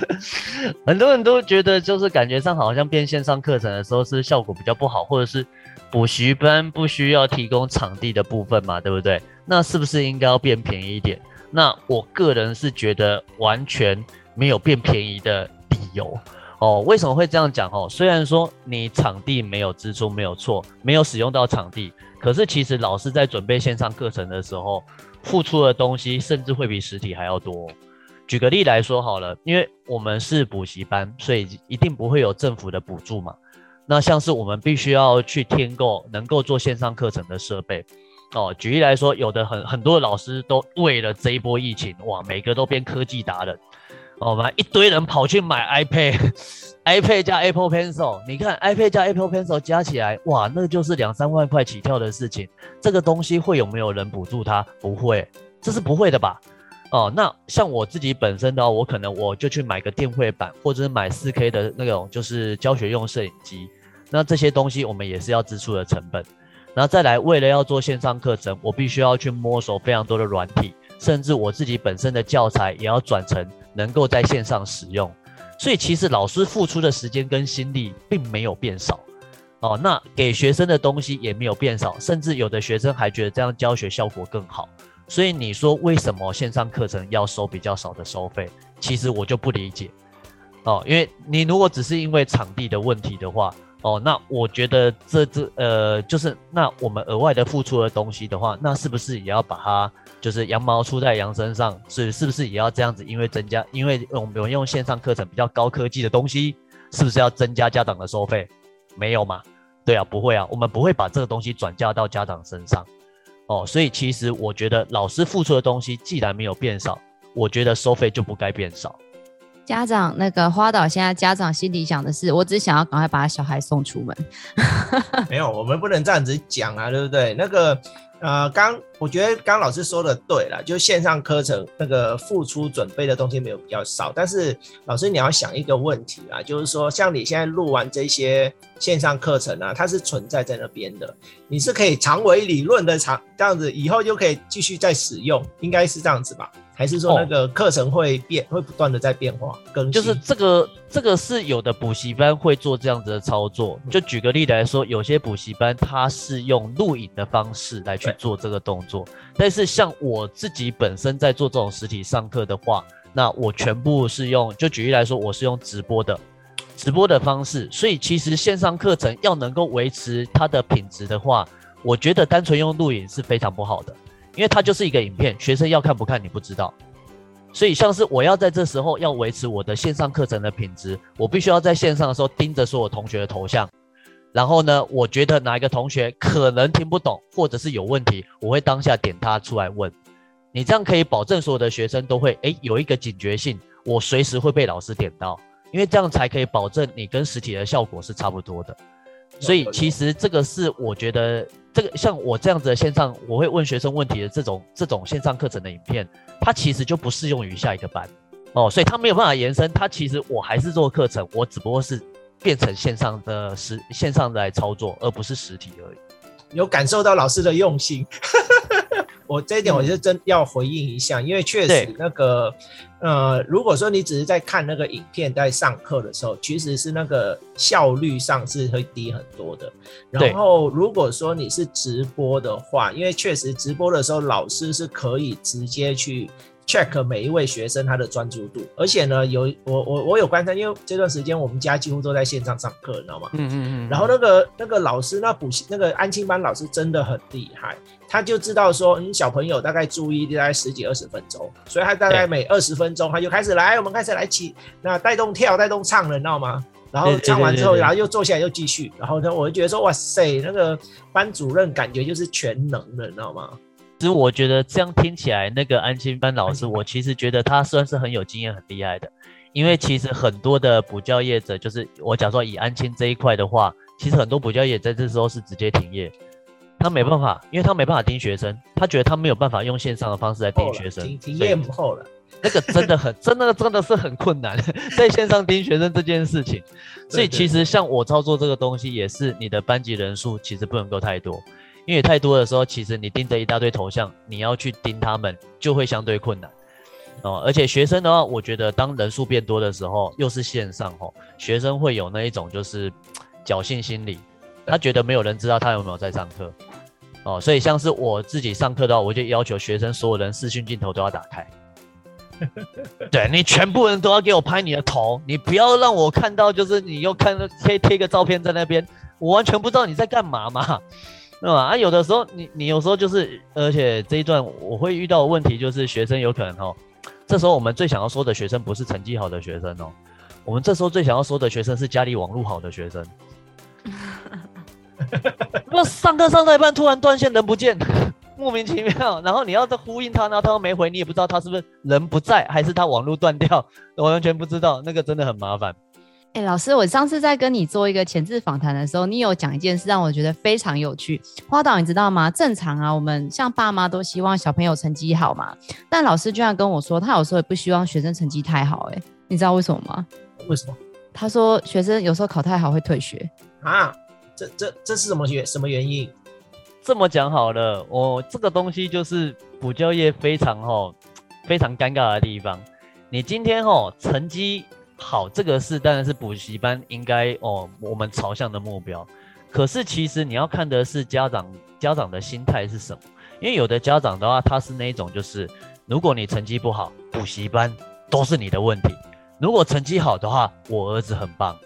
很多人都覺得，就是感覺上好像變線上課程的時候是效果比較不好，或者是補習班不需要提供場地的部分嘛，對不對？那是不是應該要變便宜一點？那我個人是覺得完全沒有變便宜的理由。哦，為什麼會這樣講？哦，雖然說你場地沒有支出沒有錯，沒有使用到場地，可是其實老師在準備線上課程的時候。付出的東西甚至會比實體還要多哦。舉個例來說好了，因為我們是補習班，所以一定不會有政府的補助嘛。那像是我們必須要去添購能夠做線上課程的設備。哦，舉例來說，有的很很多的老師都為了這一波疫情，哇，每個都變科技達人。好吧，一堆人跑去買 iPad，iPad iPad 加 Apple Pencil，你看 iPad 加 Apple Pencil 加起來，哇，那就是兩三萬塊起跳的事情。這個東西會有沒有人補助它？不會，這是不會的吧？哦，那像我自己本身的話，我可能我就去買個電繪板，或者是買 4K 的那種，就是教學用攝影機。那這些東西我們也是要支出的成本。然後再來，為了要做線上課程，我必須要去摸索非常多的軟體，甚至我自己本身的教材也要轉成。能夠在線上使用，所以其實老師付出的時間跟心力並沒有變少，哦，那給學生的東西也沒有變少，甚至有的學生還覺得這樣教學效果更好。所以你說，為什麼線上課程要收比較少的收費？其實我就不理解，哦，因為你如果只是因為場地的問題的話，哦，那我覺得這這呃就是那我們額外的付出的東西的話，那是不是也要把它就是羊毛出在羊身上，是是不是也要這樣子？因為增加，因為我們用線上課程比較高科技的東西，是不是要增加家長的收費？沒有嘛？對啊，不會啊，我們不會把這個東西轉嫁到家長身上。哦，所以其實我覺得老師付出的東西既然沒有變少，我覺得收費就不該變少。家長，那個華戩，現在家長心裡想的是，我只想要趕快把小孩送出門。 沒有，我們不能這樣子講啊，對不對？那個呃，剛我覺得剛老師說的對了，就是線上課程那個付出準備的東西沒有比較少。但是老師你要想一個問題啊，就是說像你現在錄完這些線上課程啊，它是存在在那邊的，你是可以長尾理論的長這樣子，以後就可以繼續再使用，應該是這樣子吧？還是說那個課程會變，哦、會不斷的在變化更新。就是這個，這個是有的補習班會做這樣子的操作。就舉個例來說，有些補習班它是用錄影的方式來去做這個動作。但是像我自己本身在做這種實體上課的話，那我全部是用，就舉例來說，我是用直播的，直播的方式。所以其實線上課程要能夠維持它的品質的話，我覺得單純用錄影是非常不好的。因為它就是一個影片，學生要看不看你不知道，所以像是我要在這時候要維持我的線上課程的品質，我必須要在線上的時候盯着所有同學的頭像，然後呢，我覺得哪一個同學可能聽不懂或者是有問題，我會當下點他出來問，你這樣可以保證所有的學生都會誒有一個警覺性，我隨時會被老師點到，因為這樣才可以保證你跟實體的效果是差不多的。所以其實這個是我覺得，這個像我這樣子的線上，我會問學生問題的這種這種線上課程的影片，它其實就不適用於下一個班哦，所以它沒有辦法延伸。它其實我還是做課程，我只不過是變成線上的實線上的來操作，而不是實體而已。有感受到老師的用心， 我這一點我就真要回應一下，因為確實那個。呃，如果說你只是在看那個影片，在上課的時候，其實是那個效率上是會低很多的。然後，如果說你是直播的話，因為確實直播的時候，老師是可以直接去。check 每一位學生他的專注度，而且呢，有我我我有觀察，因為這段時間我們家幾乎都在線上上課，你知道嗎？嗯嗯嗯，嗯。然後那個那個老師，那補習那個安親班老師真的很厲害，他就知道說，嗯，小朋友大概注意大概十幾二十分鐘，所以他大概每二十分鐘他就開始來，我們開始來起，那帶動跳，帶動唱的，你知道嗎？然後唱完之後，對對對對然後又坐下來又繼續，然後呢，我就覺得說，哇塞，那個班主任感覺就是全能的，你知道嗎？其實我覺得這樣聽起來，那個安親班老師，我其實覺得他算是很有經驗、很厲害的。因為其實很多的補教業者，就是我假如說以安親這一塊的話，其實很多補教業在這時候是直接停業，他沒辦法，因為他沒辦法盯學生，他覺得他沒有辦法用線上的方式來盯學生，停也不後了。那個真的很、真的、真的是很困難，在線上盯學生這件事情。所以其實像我操作這個東西，也是你的班級人數其實不能夠太多。因為太多的時候，其實你盯着一大堆頭像，你要去盯他們就會相對困難哦。而且學生的話，我覺得當人數變多的時候，又是線上哦，學生會有那一種就是僥幸心理，他覺得沒有人知道他有沒有在上課哦。所以像是我自己上課的話，我就要求學生所有人視訊鏡頭都要打開， 對，你全部人都要給我拍你的頭，你不要讓我看到就是你又看貼貼個照片在那邊，我完全不知道你在幹嘛嘛。吧？啊，有的時候你你有時候就是，而且這一段我會遇到的問題，就是學生有可能哦。這時候我們最想要說的學生不是成績好的學生哦，我們這時候最想要說的學生是家裡網絡好的學生。那 上課上到一半突然斷線，人不見，莫名其妙。然後你要再呼應他，然後他又沒回，你也不知道他是不是人不在，還是他網絡斷掉，我完全不知道，那個真的很麻煩。哎、欸，老師，我上次在跟你做一個前置訪談的時候，你有講一件事讓我覺得非常有趣。華戩，你知道嗎？正常啊，我們像爸媽都希望小朋友成績好嘛。但老師居然跟我說，他有時候也不希望學生成績太好，欸。誒，你知道為什麼嗎？為什麼？他說學生有時候考太好會退學啊？這這這是什麼原什麼原因？這麼講好了，我這個東西就是補教業非常齁非常尷尬的地方。你今天齁成績？好，這個是當然是補習班應該哦，我們朝向的目標。可是其實你要看的是家長，家長的心態是什麼，因為有的家長的話，他是那一種就是，如果你成績不好，補習班都是你的問題；如果成績好的話，我兒子很棒。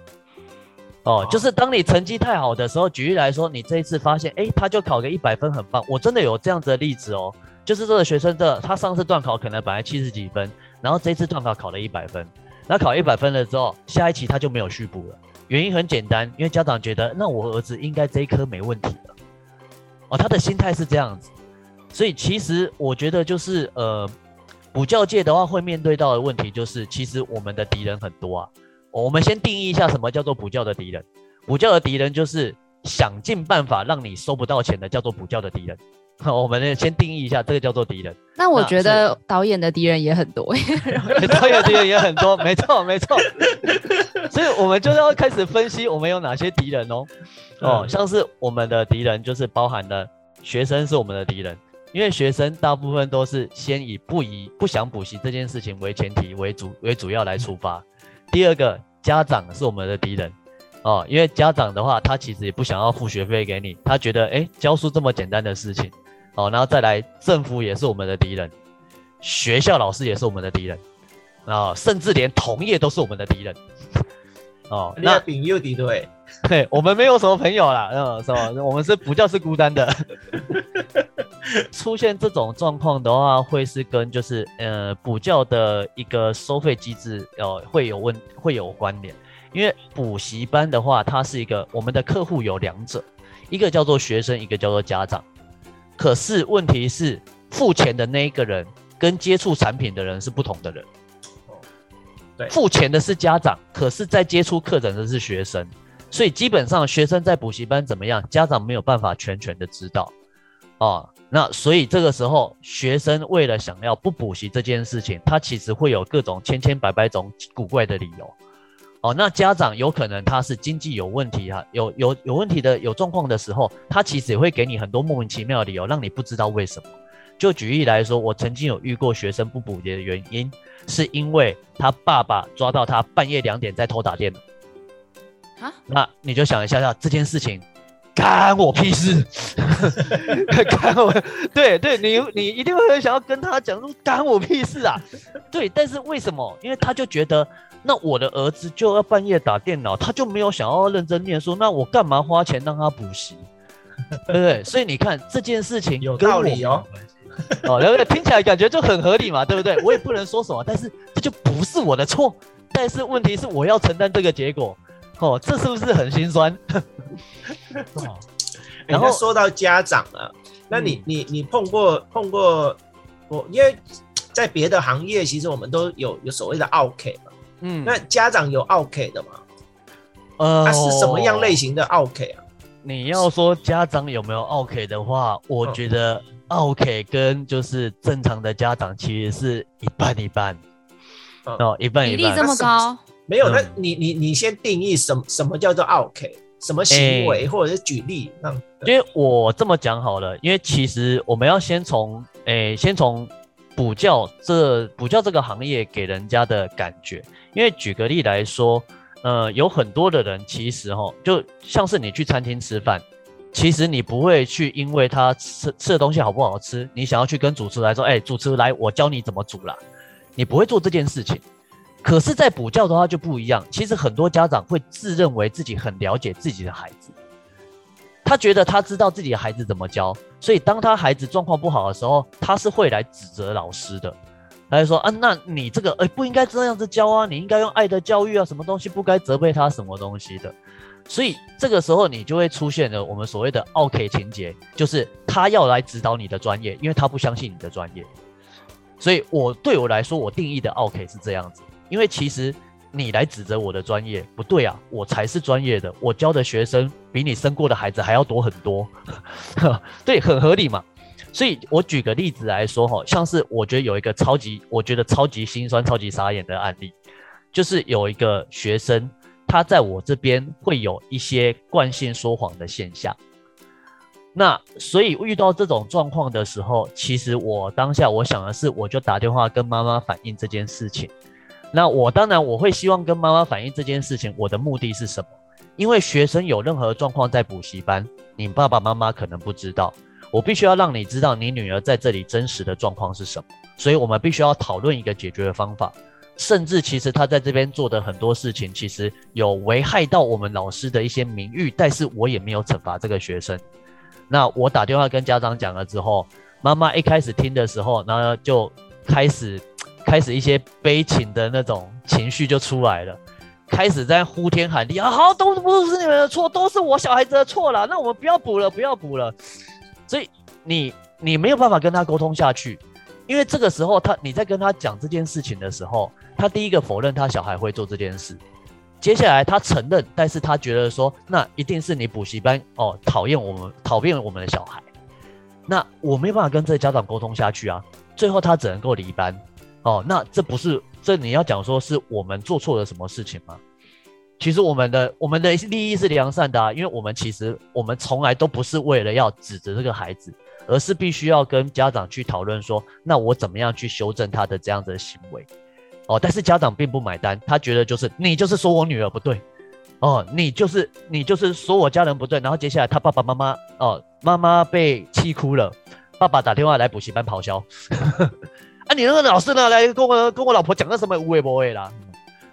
哦，就是當你成績太好的時候，舉例來說，你這一次發現，哎，他就考個一百分很棒。我真的有這樣子的例子哦，就是這個學生的他上次段考可能本來七十幾分，然後這次段考考了一百分。那考一百分了之後，下一期他就沒有續補了。原因很簡單，因為家長覺得那我兒子應該這一科沒問題的，哦，他的心態是這樣子。所以其實我覺得就是呃，補教界的話會面對到的問題就是，其實我們的敵人很多啊。哦，我們先定義一下什麼叫做補教的敵人。補教的敵人就是想盡辦法讓你收不到錢的，叫做補教的敵人。我們呢，先定義一下，這個叫做敵人。那我覺得導演的敵人也很多，欸， 導演的敵人也很多，沒錯沒錯。 所以，我們就要開始分析我們有哪些敵人哦，嗯。哦，像是我們的敵人，就是包含的，學生是我們的敵人，因為學生大部分都是先以不以不想補習這件事情為前提為主為主要來出發，嗯。第二個，家長是我們的敵人，哦，因為家長的話，他其實也不想要付學費給你，他覺得，哎，欸，教書這麼簡單的事情。哦，然後再來，政府也是我們的敵人，學校老師也是我們的敵人，然、呃、甚至連同業都是我們的敵人。哦、呃 啊，那餅又敵對？嘿，我們沒有什麼朋友啦，嗯、呃，是吧？我們是補教是孤單的。 出現這種狀況的話，會是跟就是呃補教的一個收費機制哦、呃、會有問會有關聯，因為補習班的話，它是一個我們的客戶有兩者，一個叫做學生，一個叫做家長。可是問題是，付錢的那一個人跟接觸產品的人是不同的人。哦，對，付錢的是家長，可是在接觸課程的是學生，所以基本上學生在補習班怎麼樣，家長沒有辦法全權的知道。哦，那所以這個時候，學生為了想要不補習這件事情，他其實會有各種千千百百種古怪的理由。哦，那家長有可能他是經濟有問題啊，有有有問題的有狀況的時候，他其實也會給你很多莫名其妙的理由，讓你不知道為什麼。就舉例來說，我曾經有遇過學生不補的原因，是因為他爸爸抓到他半夜兩點在偷打電腦。啊？那你就想一下，一下，下這件事情，干我屁事？ 干我？ 對對，你你一定會想要跟他講說，干我屁事啊？ 對，但是為什麼？因為他就覺得。那我的兒子就要半夜打電腦，他就沒有想要認真念書。那我幹嘛花錢讓他補習， 對不對？所以你看這件事情有道理哦，哦，然後 聽起來感覺就很合理嘛，對不對？我也不能說什麼，但是這就不是我的錯，但是問題是我要承擔這個結果，哦，這是不是很心酸、 哦？然後說到家長啊，那你、嗯、你你碰過碰過我、哦，因為在別的行業，其實我們都有有所謂的奧客。嗯，那家長有奧客的嗎？呃，啊、是什麼樣類型的奧客啊？你要說家長有沒有奧客的話，嗯，我覺得奧客跟就是正常的家長其實是一半一半哦，嗯，一半一半，比例這麼高，啊，什麼？沒有，那你你你先定義什麼什麼叫做奧客？什麼行為或者是舉例，欸，那，嗯，因為我這麼講好了，因為其實我們要先從誒、欸，先從補教這補教這個行業給人家的感覺。因為舉個例來說，呃，有很多的人其實哈，就像是你去餐廳吃飯，其實你不會去，因為他吃吃的東西好不好吃，你想要去跟主持人來說，哎、欸，主持人來，我教你怎麼煮啦。你不會做這件事情。可是，在補教的話就不一樣，其實很多家長會自認為自己很了解自己的孩子，他覺得他知道自己的孩子怎麼教，所以當他孩子狀況不好的時候，他是會來指責老師的。他就說，啊，那你這個，哎，不應該這樣子教啊，你應該用愛的教育啊，什麼東西不該責備他，什麼東西的。所以這個時候你就會出現了我們所謂的奧客情節，就是他要來指導你的專業，因為他不相信你的專業。所以我對我來說，我定義的奧客是這樣子，因為其實你來指責我的專業不對啊，我才是專業的，我教的學生比你生過的孩子還要多很多， 對，很合理嘛。所以我舉個例子來說，哈，像是我覺得有一個超級，我覺得超級心酸、超級傻眼的案例，就是有一個學生，他在我這邊會有一些慣性說謊的現象。那所以遇到這種狀況的時候，其實我當下我想的是，我就打電話跟媽媽反映這件事情。那我當然我會希望跟媽媽反映這件事情，我的目的是什麼？因為學生有任何狀況在補習班，你爸爸媽媽可能不知道。我必須要讓你知道，你女兒在這裡真實的狀況是什麼。所以我們必須要討論一個解決的方法。甚至其實她在這邊做的很多事情，其實有危害到我們老師的一些名譽。但是我也沒有懲罰這個學生。那我打電話跟家長講了之後，媽媽一開始聽的時候，那就開始開始一些悲情的那種情緒就出來了，開始在呼天喊地啊，好，都不是你們的錯，都是我小孩子的錯啦！那我們不要補了，不要補了。所以你你沒有辦法跟他溝通下去，因為這個時候他你在跟他講這件事情的時候，他第一個否認他小孩會做這件事，接下來他承認，但是他覺得說那一定是你補習班哦，討厭我們討厭我們的小孩，那我沒辦法跟這個家長溝通下去啊，最後他只能夠離班哦，那這不是這你要講說是我們做錯了什麼事情嗎？其實我們的我們的利益是良善的啊，因為我們其實我們從來都不是為了要指責這個孩子，而是必須要跟家長去討論說，那我怎麼樣去修正他的這樣子的行為，哦，但是家長並不買單，他覺得就是你就是說我女兒不對，哦，你就是你就是說我家人不對，然後接下來他爸爸媽媽哦，媽媽被氣哭了，爸爸打電話來補習班咆哮， 啊，你那個老師呢，來跟我跟我老婆講個什麼有的沒的啦。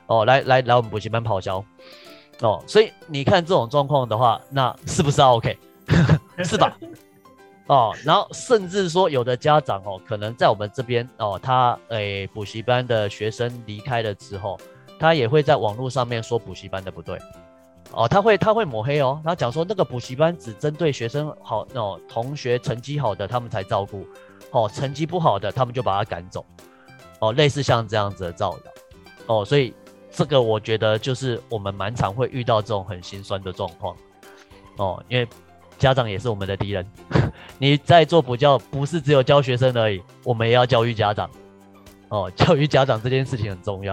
哦，來來來，來我們補習班咆哮，哦，所以你看這種狀況的話，那是不是 o、OK? k 是吧？ 哦，然後甚至說有的家長哦，可能在我們這邊哦，他誒補、呃、補習班的學生離開了之後，他也會在網絡上面說補習班的不對，哦，他會他會抹黑哦，他講說那個補習班只針對學生好哦，同學成績好的他們才照顧，哦，成績不好的他們就把他趕走，哦，類似像這樣子的造謠，哦，所以。這個我覺得就是我們蠻常會遇到這種很心酸的狀況哦，因為家長也是我們的敵人。你在做補教，不是只有教學生而已，我們也要教育家長哦。教育家長這件事情很重要。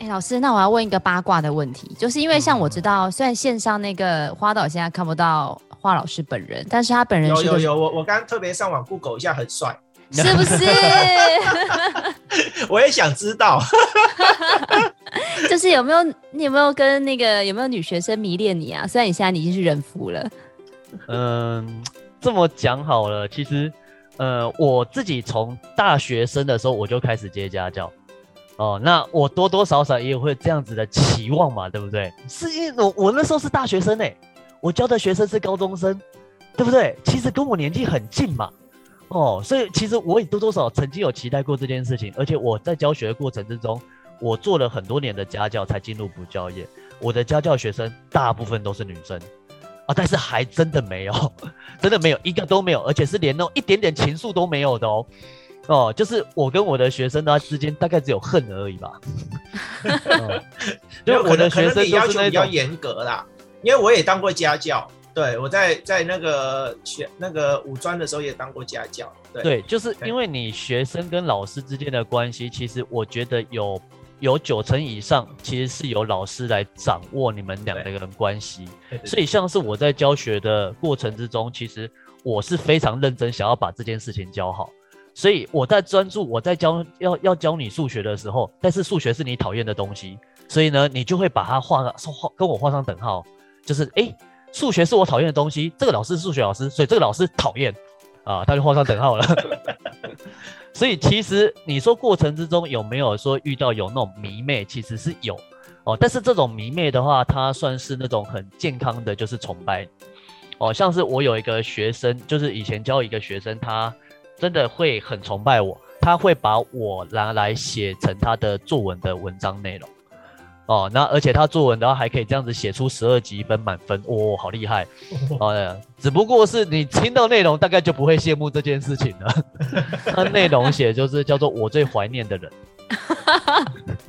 哎、欸，老師，那我要問一個八卦的問題，就是因為像我知道，嗯、雖然線上那個華戩現在看不到華老師本人，但是他本人是有有有，我我剛剛特別上網 Google 一下，很帥，是不是？ 我也想知道。 就是有沒有你有沒有跟那個有沒有女學生迷戀你啊？雖然你現在已經是人夫了。嗯，這麼講好了，其實，呃、嗯，我自己從大學生的時候，我就開始接家教，哦，那我多多少少也會這樣子的期望嘛，對不對？是因為我，我那時候是大學生呢，欸，我教的學生是高中生，對不對？其實跟我年紀很近嘛，哦，所以其實我也多多少曾經有期待過這件事情，而且我在教學的過程之中，我做了很多年的家教，才進入補教業。我的家教學生大部分都是女生，啊、哦，但是還真的沒有，真的沒有一個都沒有，而且是連那種一點點情愫都沒有的哦。哦，就是我跟我的學生呢之間大概只有恨而已吧。因 為、嗯、我的學生要求比較嚴格啦，因為我也當過家教，對，我在在那個學那個五專的時候也當過家教對。對，就是因為你學生跟老師之間的關係，其實我覺得有。有九成以上，其實是由老師來掌握你們兩個人的關係。所以，像是我在教學的過程之中，其實我是非常認真想要把這件事情教好。所以我，我在專注我在教要要教你數學的時候，但是數學是你討厭的東西，所以呢，你就會把它畫上，畫跟我畫上等號，就是哎，數學是我討厭的東西，這個老師是數學老師，所以這個老師討厭啊，他就畫上等號了。 所以其實你說過程之中有沒有說遇到有那種迷妹，其實是有哦。但是這種迷妹的話，他算是那種很健康的，就是崇拜哦。像是我有一個學生，就是以前教一個學生，他真的會很崇拜我，他會把我拿來寫成他的作文的文章內容。哦，那而且他作文的話還可以這樣子寫出十二級分滿分，哦，好厲害！啊、哦哦，只不過是你聽到內容大概就不會羨慕這件事情了。 他內容寫就是叫做“我最懷念的人。”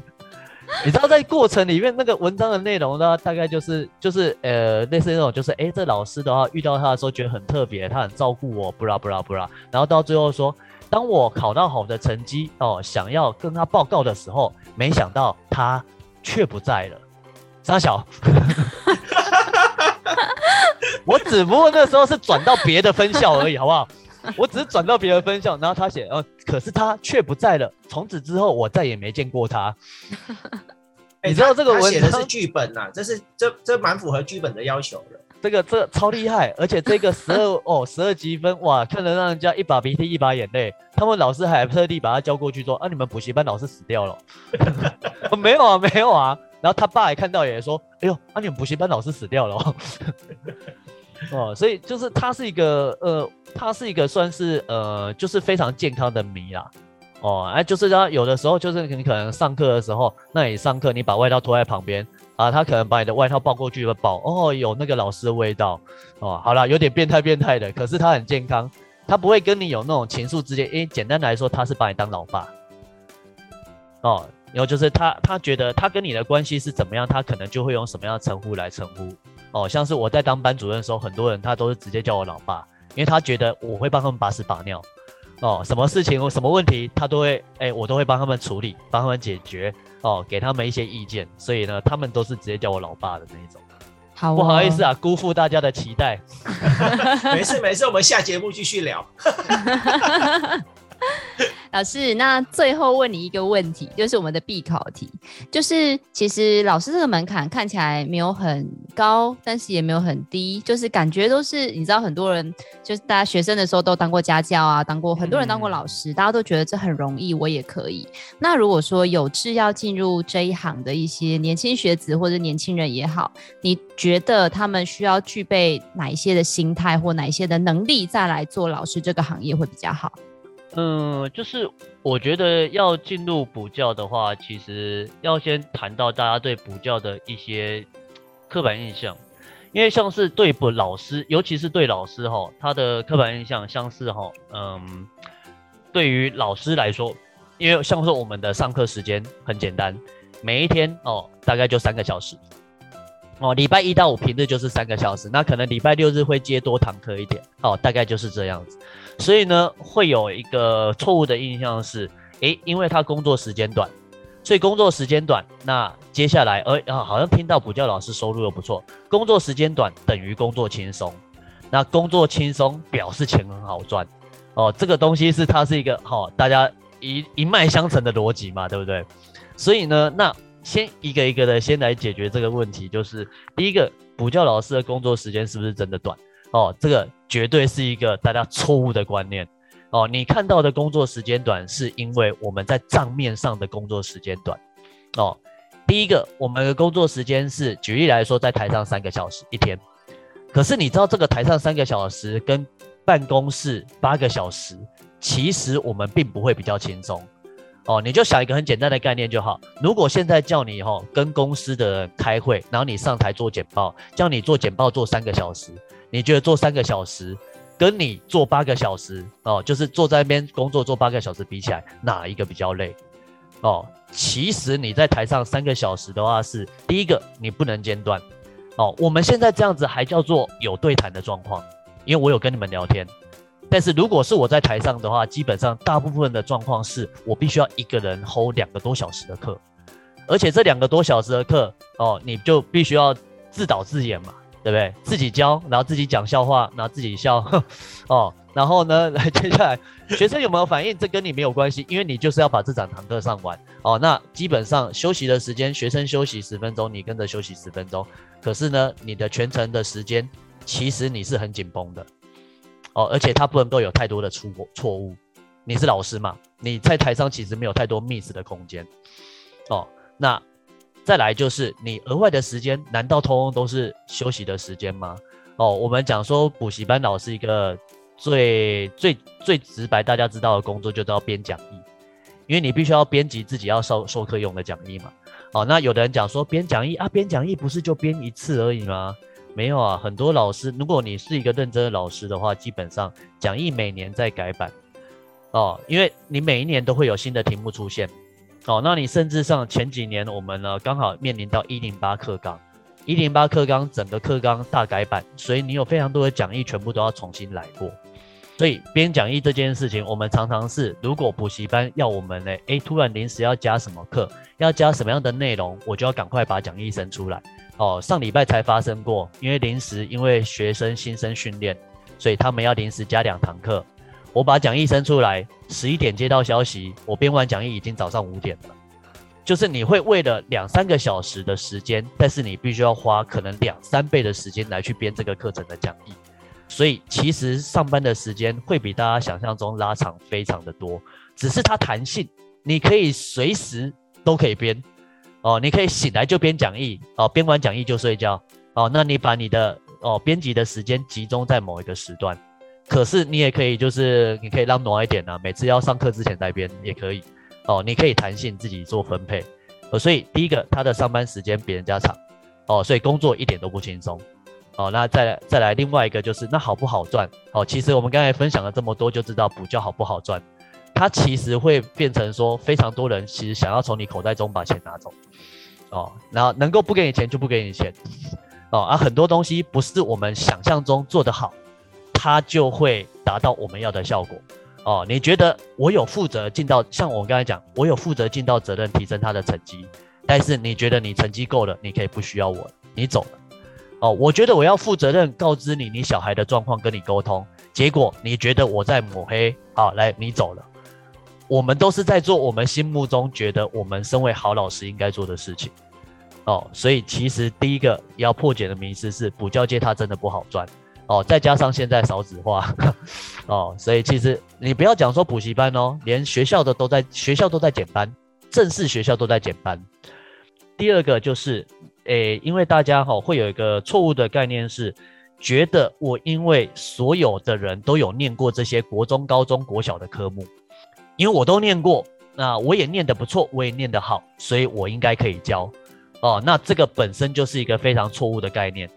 你知道在過程裡面那個文章的內容呢，大概就是就是呃類似那種就是哎，這老師的話遇到他的時候覺得很特別，他很照顧我，布拉布拉布拉。然後到最後說，當我考到好的成績哦、呃，想要跟他報告的時候，沒想到他，卻不在了，三小， 我只不過那時候是轉到別的分校而已，好不好？我只是轉到別的分校，然後他寫，哦、呃。可是他卻不在了，從此之後我再也沒見過他。欸、你知道這個文寫的是劇本吶、啊，這是這是這蠻符合劇本的要求的。這個這個、超厲害，而且這個十二哦十二級分，哇，看得讓人家一把鼻涕一把眼淚。他們老師還特地把他叫過去說：“啊，你們補習班老師死掉了。 哦”沒有啊，沒有啊。然後他爸也看到也說：“哎呦，啊你們補習班老師死掉了、哦。 ”哦，所以就是他是一個呃，他是一個算是呃，就是非常健康的迷啦。哦，哎，就是他、啊、有的時候就是你可能上課的時候，那你上課你把外套脫在旁邊。啊，他可能把你的外套抱過去，會抱哦，有那個老師的味道，哦，好了，有點變態變態的，可是他很健康，他不會跟你有那種情愫之間，因為簡單來說，他是把你當老爸，哦，然後就是他，他覺得他跟你的關係是怎麼樣，他可能就會用什麼樣的稱呼來稱呼，哦，像是我在當班主任的時候，很多人他都是直接叫我老爸，因為他覺得我會幫他們把屎把尿。哦，什麼事情、什麼問題，他都會，哎、欸，我都會幫他們處理，幫他們解決，哦，給他們一些意見。所以呢，他們都是直接叫我老爸的那一種。好、哦，不好意思啊，辜負大家的期待。 沒事沒事，我們下節目繼續聊。 老師，那最後問你一個問題，就是我們的必考題，就是其實老師這個門檻看起來沒有很高，但是也沒有很低，就是感覺都是你知道，很多人就是大家學生的時候都當過家教啊，當過很多人當過老師，嗯，大家都覺得這很容易，我也可以。那如果說有志要進入這一行的一些年輕學子或者年輕人也好，你覺得他們需要具備哪一些的心態或哪一些的能力再來做老師這個行業會比較好？嗯，就是我覺得要進入補教的話，其實要先談到大家對補教的一些刻板印象，因為像是對補老師，尤其是對老師哈、哦，他的刻板印象像是哈、哦，嗯，對於老師來說，因為像是我們的上課時間很簡單，每一天哦，大概就三個小時，哦，禮拜一到五平日就是三個小時，那可能禮拜六日會接多堂課一點，哦，大概就是這樣子。所以呢，會有一個錯誤的印象是，誒，因為他工作時間短，所以工作時間短，那接下來，哎啊、哦，好像聽到補教老師收入又不錯，工作時間短等於工作輕鬆，那工作輕鬆表示錢很好賺，哦，這個東西是它是一個好、哦，大家一一脈相承的邏輯嘛，對不對？所以呢，那先一個一個的先來解決這個問題，就是第一個，補教老師的工作時間是不是真的短？哦，這個絕對是一個大家錯誤的觀念。哦，你看到的工作時間短，是因為我們在賬面上的工作時間短。哦，第一個，我們的工作時間是舉例來說，在台上三個小時一天，可是你知道這個台上三個小時跟辦公室八個小時，其實我們並不會比較輕鬆。哦，你就想一個很簡單的概念就好。如果現在叫你哈、哦、跟公司的人開會，然後你上台做簡報，叫你做簡報做三個小時。你覺得坐三個小時，跟你坐八個小時哦，就是坐在那邊工作坐八個小時比起來，哪一個比較累？哦，其實你在台上三個小時的話是，是第一個你不能間斷，哦，我們現在這樣子還叫做有對談的狀況，因為我有跟你們聊天，但是如果是我在台上的話，基本上大部分的狀況是我必須要一個人 hold 兩個多小時的課，而且這兩個多小時的課哦，你就必須要自導自演嘛。對不對？自己教，然後自己講笑話，然後自己笑，呵呵哦，然後呢？來，接下來學生有沒有反應？這跟你沒有關係，因為你就是要把這整堂課上完，哦，那基本上休息的時間，學生休息十分鐘，你跟着休息十分鐘。可是呢，你的全程的時間其實你是很緊繃的，哦，而且他不能夠有太多的出錯誤，你是老師嘛，你在台上其實沒有太多 miss 的空間，哦，那。再來就是你額外的時間，難道通通都是休息的時間嗎？哦，我們講說補習班老師一個最最最直白大家知道的工作，就是要編講義，因為你必須要編輯自己要授授課用的講義嘛。哦，那有的人講說編講義啊，編講義不是就編一次而已嗎？沒有啊，很多老師，如果你是一個認真的老師的話，基本上講義每年在改版，哦，因為你每一年都會有新的題目出現。哦，那你甚至上前幾年，我們呢剛好面臨到一零八課綱，一零八課綱整個課綱大改版，所以你有非常多的講義，全部都要重新來過。所以編講義這件事情，我們常常是，如果補習班要我們呢，哎、欸，突然臨時要加什麼課，要加什麼樣的內容，我就要趕快把講義生出來。哦，上禮拜才發生過，因為臨時因為學生新生訓練，所以他們要臨時加兩堂課。我把講義伸出來，十一點接到消息，我編完講義已經早上五點了。就是你會為了兩三個小時的時間，但是你必須要花可能兩三倍的時間來去編這個課程的講義。所以其實上班的時間會比大家想象中拉長非常的多，只是它彈性，你可以隨時都可以編，哦、呃，你可以醒來就編講義，哦、呃，編完講義就睡覺，哦、呃，那你把你的哦編輯的時間集中在某一個時段。可是你也可以，就是你可以讓挪一點呢、啊。每次要上課之前在一邊也可以，哦，你可以彈性自己做分配。呃、哦，所以第一個，他的上班時間比人家長，哦，所以工作一點都不輕鬆，哦。那再來再來另外一個就是，那好不好賺？哦，其實我們剛才分享了這麼多，就知道補教好不好賺？它其實會變成說，非常多人其實想要從你口袋中把錢拿走，哦，然後能夠不給你錢就不給你錢，哦，而、啊、很多東西不是我們想象中做得好。他就會達到我們要的效果，哦，你覺得我有負責盡到像我剛才講，我有負責盡到責任提升他的成績，但是你覺得你成績夠了，你可以不需要我了，你走了，哦，我覺得我要負責任告知你你小孩的狀況，跟你溝通，結果你覺得我在抹黑，好，來你走了，我們都是在做我們心目中覺得我們身為好老師應該做的事情，哦，所以其實第一個要破解的迷思是補教界，它真的不好賺。哦，再加上現在少子化呵呵，哦，所以其實你不要講說補習班哦，連學校的都在，學校都在減班，正式學校都在減班。第二個就是，誒，因為大家哈、哦、會有一個錯誤的概念是，覺得我因為所有的人都有念過這些國中、高中、國小的科目，因為我都念過，那我也念得不錯，我也念得好，所以我應該可以教。哦，那這個本身就是一個非常錯誤的概念，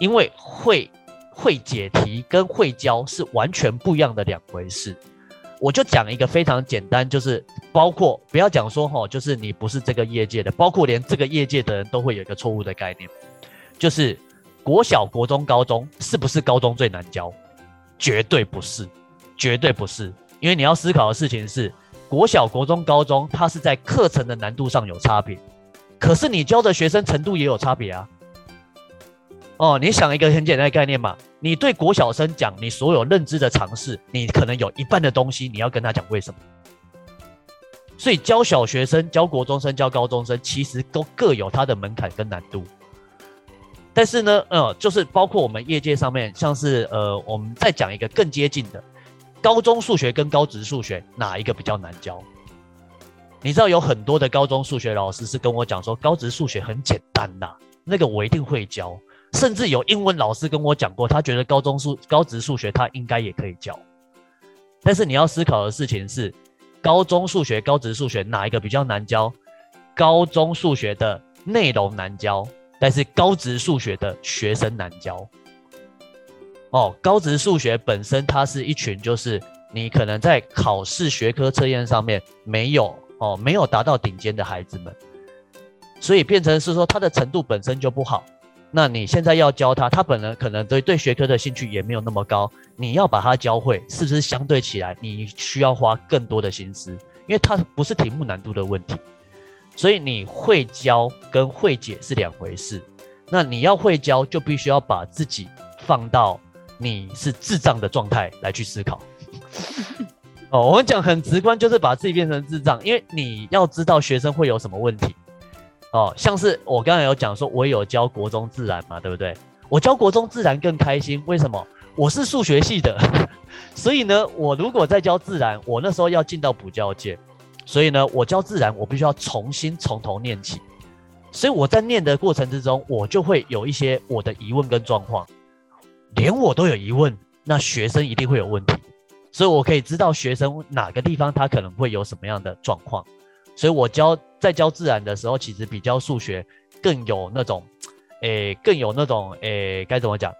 因為會。會解題跟會教是完全不一樣的兩回事，我就講一個非常簡單，就是包括不要講說哈、哦，就是你不是這個業界的，包括連這個業界的人都會有一個錯誤的概念，就是國小、國中、高中是不是高中最難教？絕對不是，絕對不是，因為你要思考的事情是國小、國中、高中它是在課程的難度上有差別，可是你教的學生程度也有差別啊。哦，你想一個很簡單的概念嘛，你對國小生講你所有認知的常識，你可能有一半的東西你要跟他講為什麼。所以教小學生、教國中生、教高中生，其實都各有它的門檻跟難度。但是呢，呃，就是包括我們業界上面，像是呃，我們再講一個更接近的，高中數學跟高職數學哪一個比較難教？你知道有很多的高中數學老師是跟我講說，高職數學很簡單吶，那個我一定會教。甚至有英文老師跟我講過，他覺得高中數、高職數學他應該也可以教，但是你要思考的事情是，高中數學、高職數學哪一個比較難教？高中數學的內容難教，但是高職數學的學生難教。哦，高職數學本身它是一群就是你可能在考試學科測驗上面沒有哦，沒有達到頂尖的孩子們，所以變成是說它的程度本身就不好。那你現在要教他，他本人可能對對學科的興趣也沒有那麼高，你要把他教會，是不是相對起來你需要花更多的心思？因為他不是題目難度的問題，所以你會教跟會解是兩回事。那你要會教，就必須要把自己放到你是智障的狀態來去思考。 哦，我們講很直觀，就是把自己變成智障，因為你要知道學生會有什麼問題。哦，像是我剛才有講說，我有教國中自然嘛，對不對？我教國中自然更開心，為什麼？我是數學系的， 所以呢，我如果在教自然，我那時候要進到補教界，所以呢，我教自然，我必須要重新從頭念起，所以我在念的過程之中，我就會有一些我的疑問跟狀況，連我都有疑問，那學生一定會有問題，所以我可以知道學生哪個地方他可能會有什麼樣的狀況，所以我教。在教自然的時候，其實比教數學更有那種，誒、欸，更有那種誒，該、欸、怎麼講？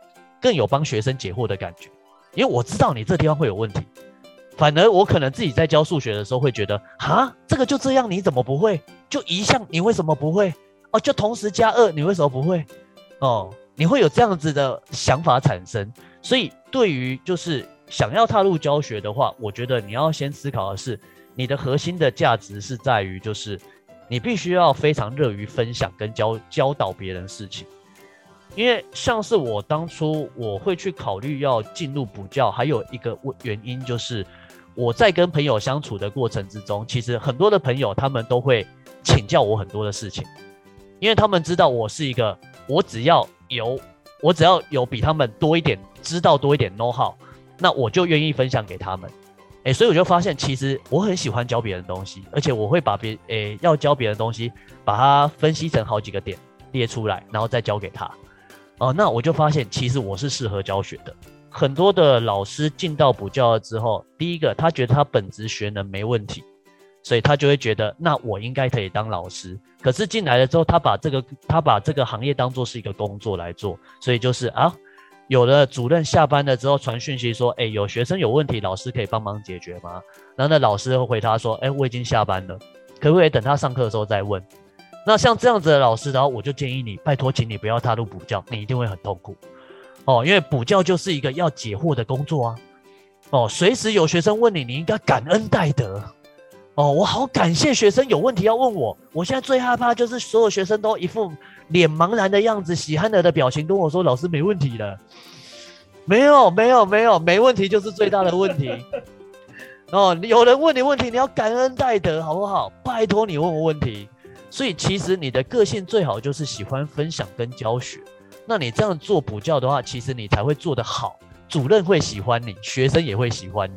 更有幫學生解惑的感覺。因為我知道你這地方會有問題。反而我可能自己在教數學的時候，會覺得啊，這個就這樣，你怎麼不會？就移項你為什麼不會？哦，就同時加二你為什麼不會？哦，你會有這樣子的想法產生。所以對於就是想要踏入教學的話，我覺得你要先思考的是，你的核心的價值是在於就是。你必須要非常樂於分享跟教教導別人的事情，因為像是我當初我會去考慮要進入補教，還有一個原因就是我在跟朋友相處的過程之中，其實很多的朋友他們都會請教我很多的事情，因為他們知道我是一個我只要有我只要有比他們多一點知道多一點 know how，那我就願意分享給他們。誒、欸，所以我就發現，其實我很喜歡教別人的東西，而且我會把別，誒、欸、要教別人的東西，把它分析成好幾個點，列出來，然後再教給他。哦、呃，那我就發現，其實我是適合教學的。很多的老師進到補教了之後，第一個他覺得他本職學能沒問題，所以他就會覺得，那我應該可以當老師。可是進來了之後，他把這個他把這個行業當做是一個工作來做，所以就是啊。有的主任下班了之後傳訊息說，欸，有學生有問題，老師可以幫忙解決嗎？然後那老師會回他說，欸，我已經下班了，可不可以等他上課的時候再問？那像這樣子的老師，然後我就建議你，拜託，請你不要踏入補教，你一定會很痛苦哦，因為補教就是一個要解惑的工作啊，哦，隨時有學生問你，你應該感恩戴德。哦，我好感謝學生有問題要問我。我現在最害怕就是所有學生都一副臉茫然的樣子，喜憨兒的表情跟我說：“老師，沒問題了。”沒有，沒有，沒有，沒問題就是最大的問題。 哦，有人問你問題，你要感恩戴德，好不好？拜托你問我問題。所以其實你的個性最好就是喜歡分享跟教學。那你這樣做補教的話，其實你才會做得好，主任會喜歡你，學生也會喜歡你。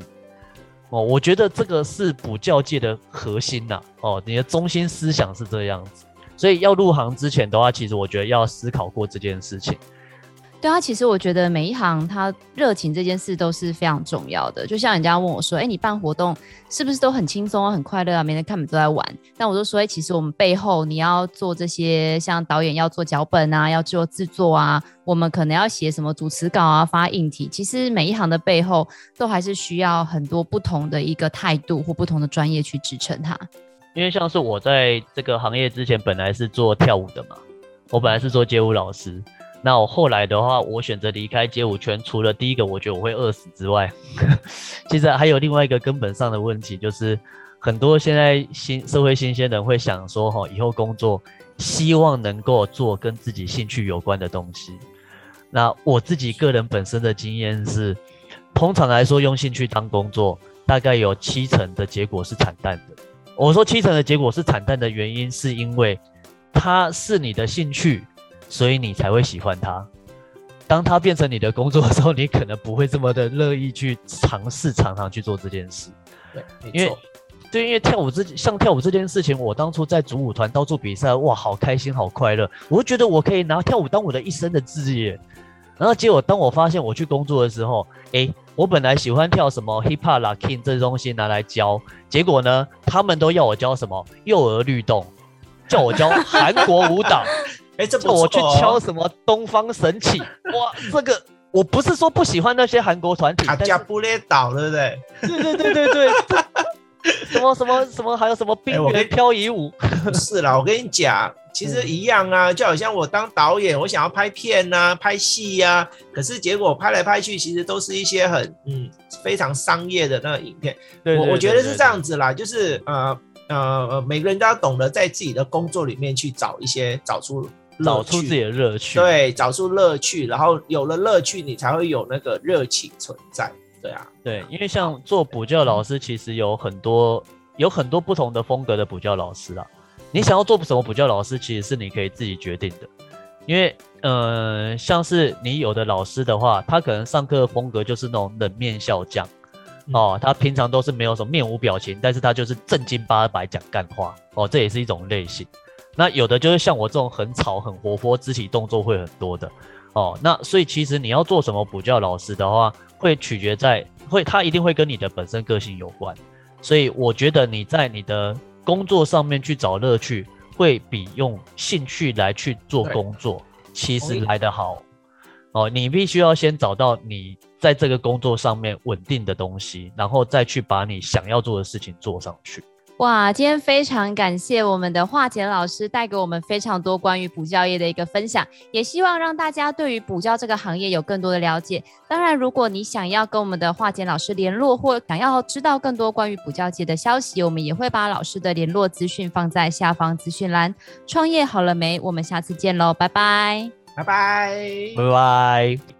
哦，我覺得這個是補教界的核心吶，啊。哦，你的中心思想是這樣子，所以要入行之前的話，其實我覺得要思考過這件事情。對啊，其實我覺得每一行他熱情這件事都是非常重要的。就像人家問我說：“哎、欸，你辦活動是不是都很輕鬆啊、很快樂啊？每天看你們都在玩。”但我就說：“誒、欸，其實我們背後你要做這些，像導演要做腳本啊，要做制作啊，我們可能要寫什麼主持稿啊、發硬體。其實每一行的背後都還是需要很多不同的一個態度或不同的專業去支撐它。因為像是我在這個行業之前本來是做跳舞的嘛，我本來是做街舞老師。那我後來的話，我選擇離開街舞圈，除了第一個我覺得我會餓死之外，呵呵，其實還有另外一個根本上的問題，就是很多現在新社會新鮮人會想說，吼，以後工作希望能夠做跟自己興趣有關的東西。那我自己個人本身的經驗是，通常來說，用興趣當工作，大概有七成的結果是慘淡的。我說七成的結果是慘淡的原因，是因為它是你的興趣。所以你才會喜歡他。當他變成你的工作的時候，你可能不會這麼的樂意去嘗試、常常去做這件事。對，因為，對，因為跳舞這像跳舞這件事情，我當初在主舞團到處比賽，哇，好開心，好快樂。我就覺得我可以拿跳舞當我的一生的職業。然後結果，當我發現我去工作的時候，哎、欸，我本來喜歡跳什麼 hip hop、拉丁這些東西拿來教，結果呢，他們都要我教什麼幼兒律動，叫我教韓國舞蹈。 哎、欸，這不、哦、我去敲什麼東方神起？ 哇，這個我不是說不喜歡那些韓國團體，他家不列島，對不對？對對對對對， 什麼什麼什麼，還有什麼冰原飄移舞？欸、 是啦，我跟你講，其實一樣啊，嗯、就好像我當導演，我想要拍片吶、啊，拍戲呀、啊，可是結果拍來拍去，其實都是一些很嗯非常商業的那個影片。對對我我覺得是這樣子啦，對對對對對就是呃呃，每個人都要懂得在自己的工作裡面去找一些找出。找出自己的樂趣，樂趣，對，找出樂趣，然後有了樂趣，你才會有那個熱情存在，對啊，對，因為像做補教老師，其實有很多有很多不同的風格的補教老師啦、啊嗯。你想要做什麼補教老師，其實是你可以自己決定的。因為，嗯、呃，像是你有的老師的話，他可能上課的風格就是那種冷面笑匠、嗯，哦，他平常都是沒有什麼面無表情，但是他就是正經八百講乾話，哦，這也是一種類型。那有的就是像我這種很吵、很活潑、肢體動作會很多的。哦，那所以其實你要做什麼補教老師的話，會取決在會，他一定會跟你的本身個性有關。所以我覺得你在你的工作上面去找樂趣，會比用興趣來去做工作，其實來得好。Oh yeah. 哦，你必須要先找到你在這個工作上面穩定的東西，然後再去把你想要做的事情做上去。哇，今天非常感謝我們的華戩老師帶給我們非常多關於補教業的一個分享，也希望讓大家對於補教這個行業有更多的了解。當然，如果你想要跟我們的華戩老師聯絡，或想要知道更多關於補教界的消息，我們也會把老師的聯絡資訊放在下方資訊欄。創業好了沒？我們下次見嘍，拜拜，拜拜，拜拜。拜拜。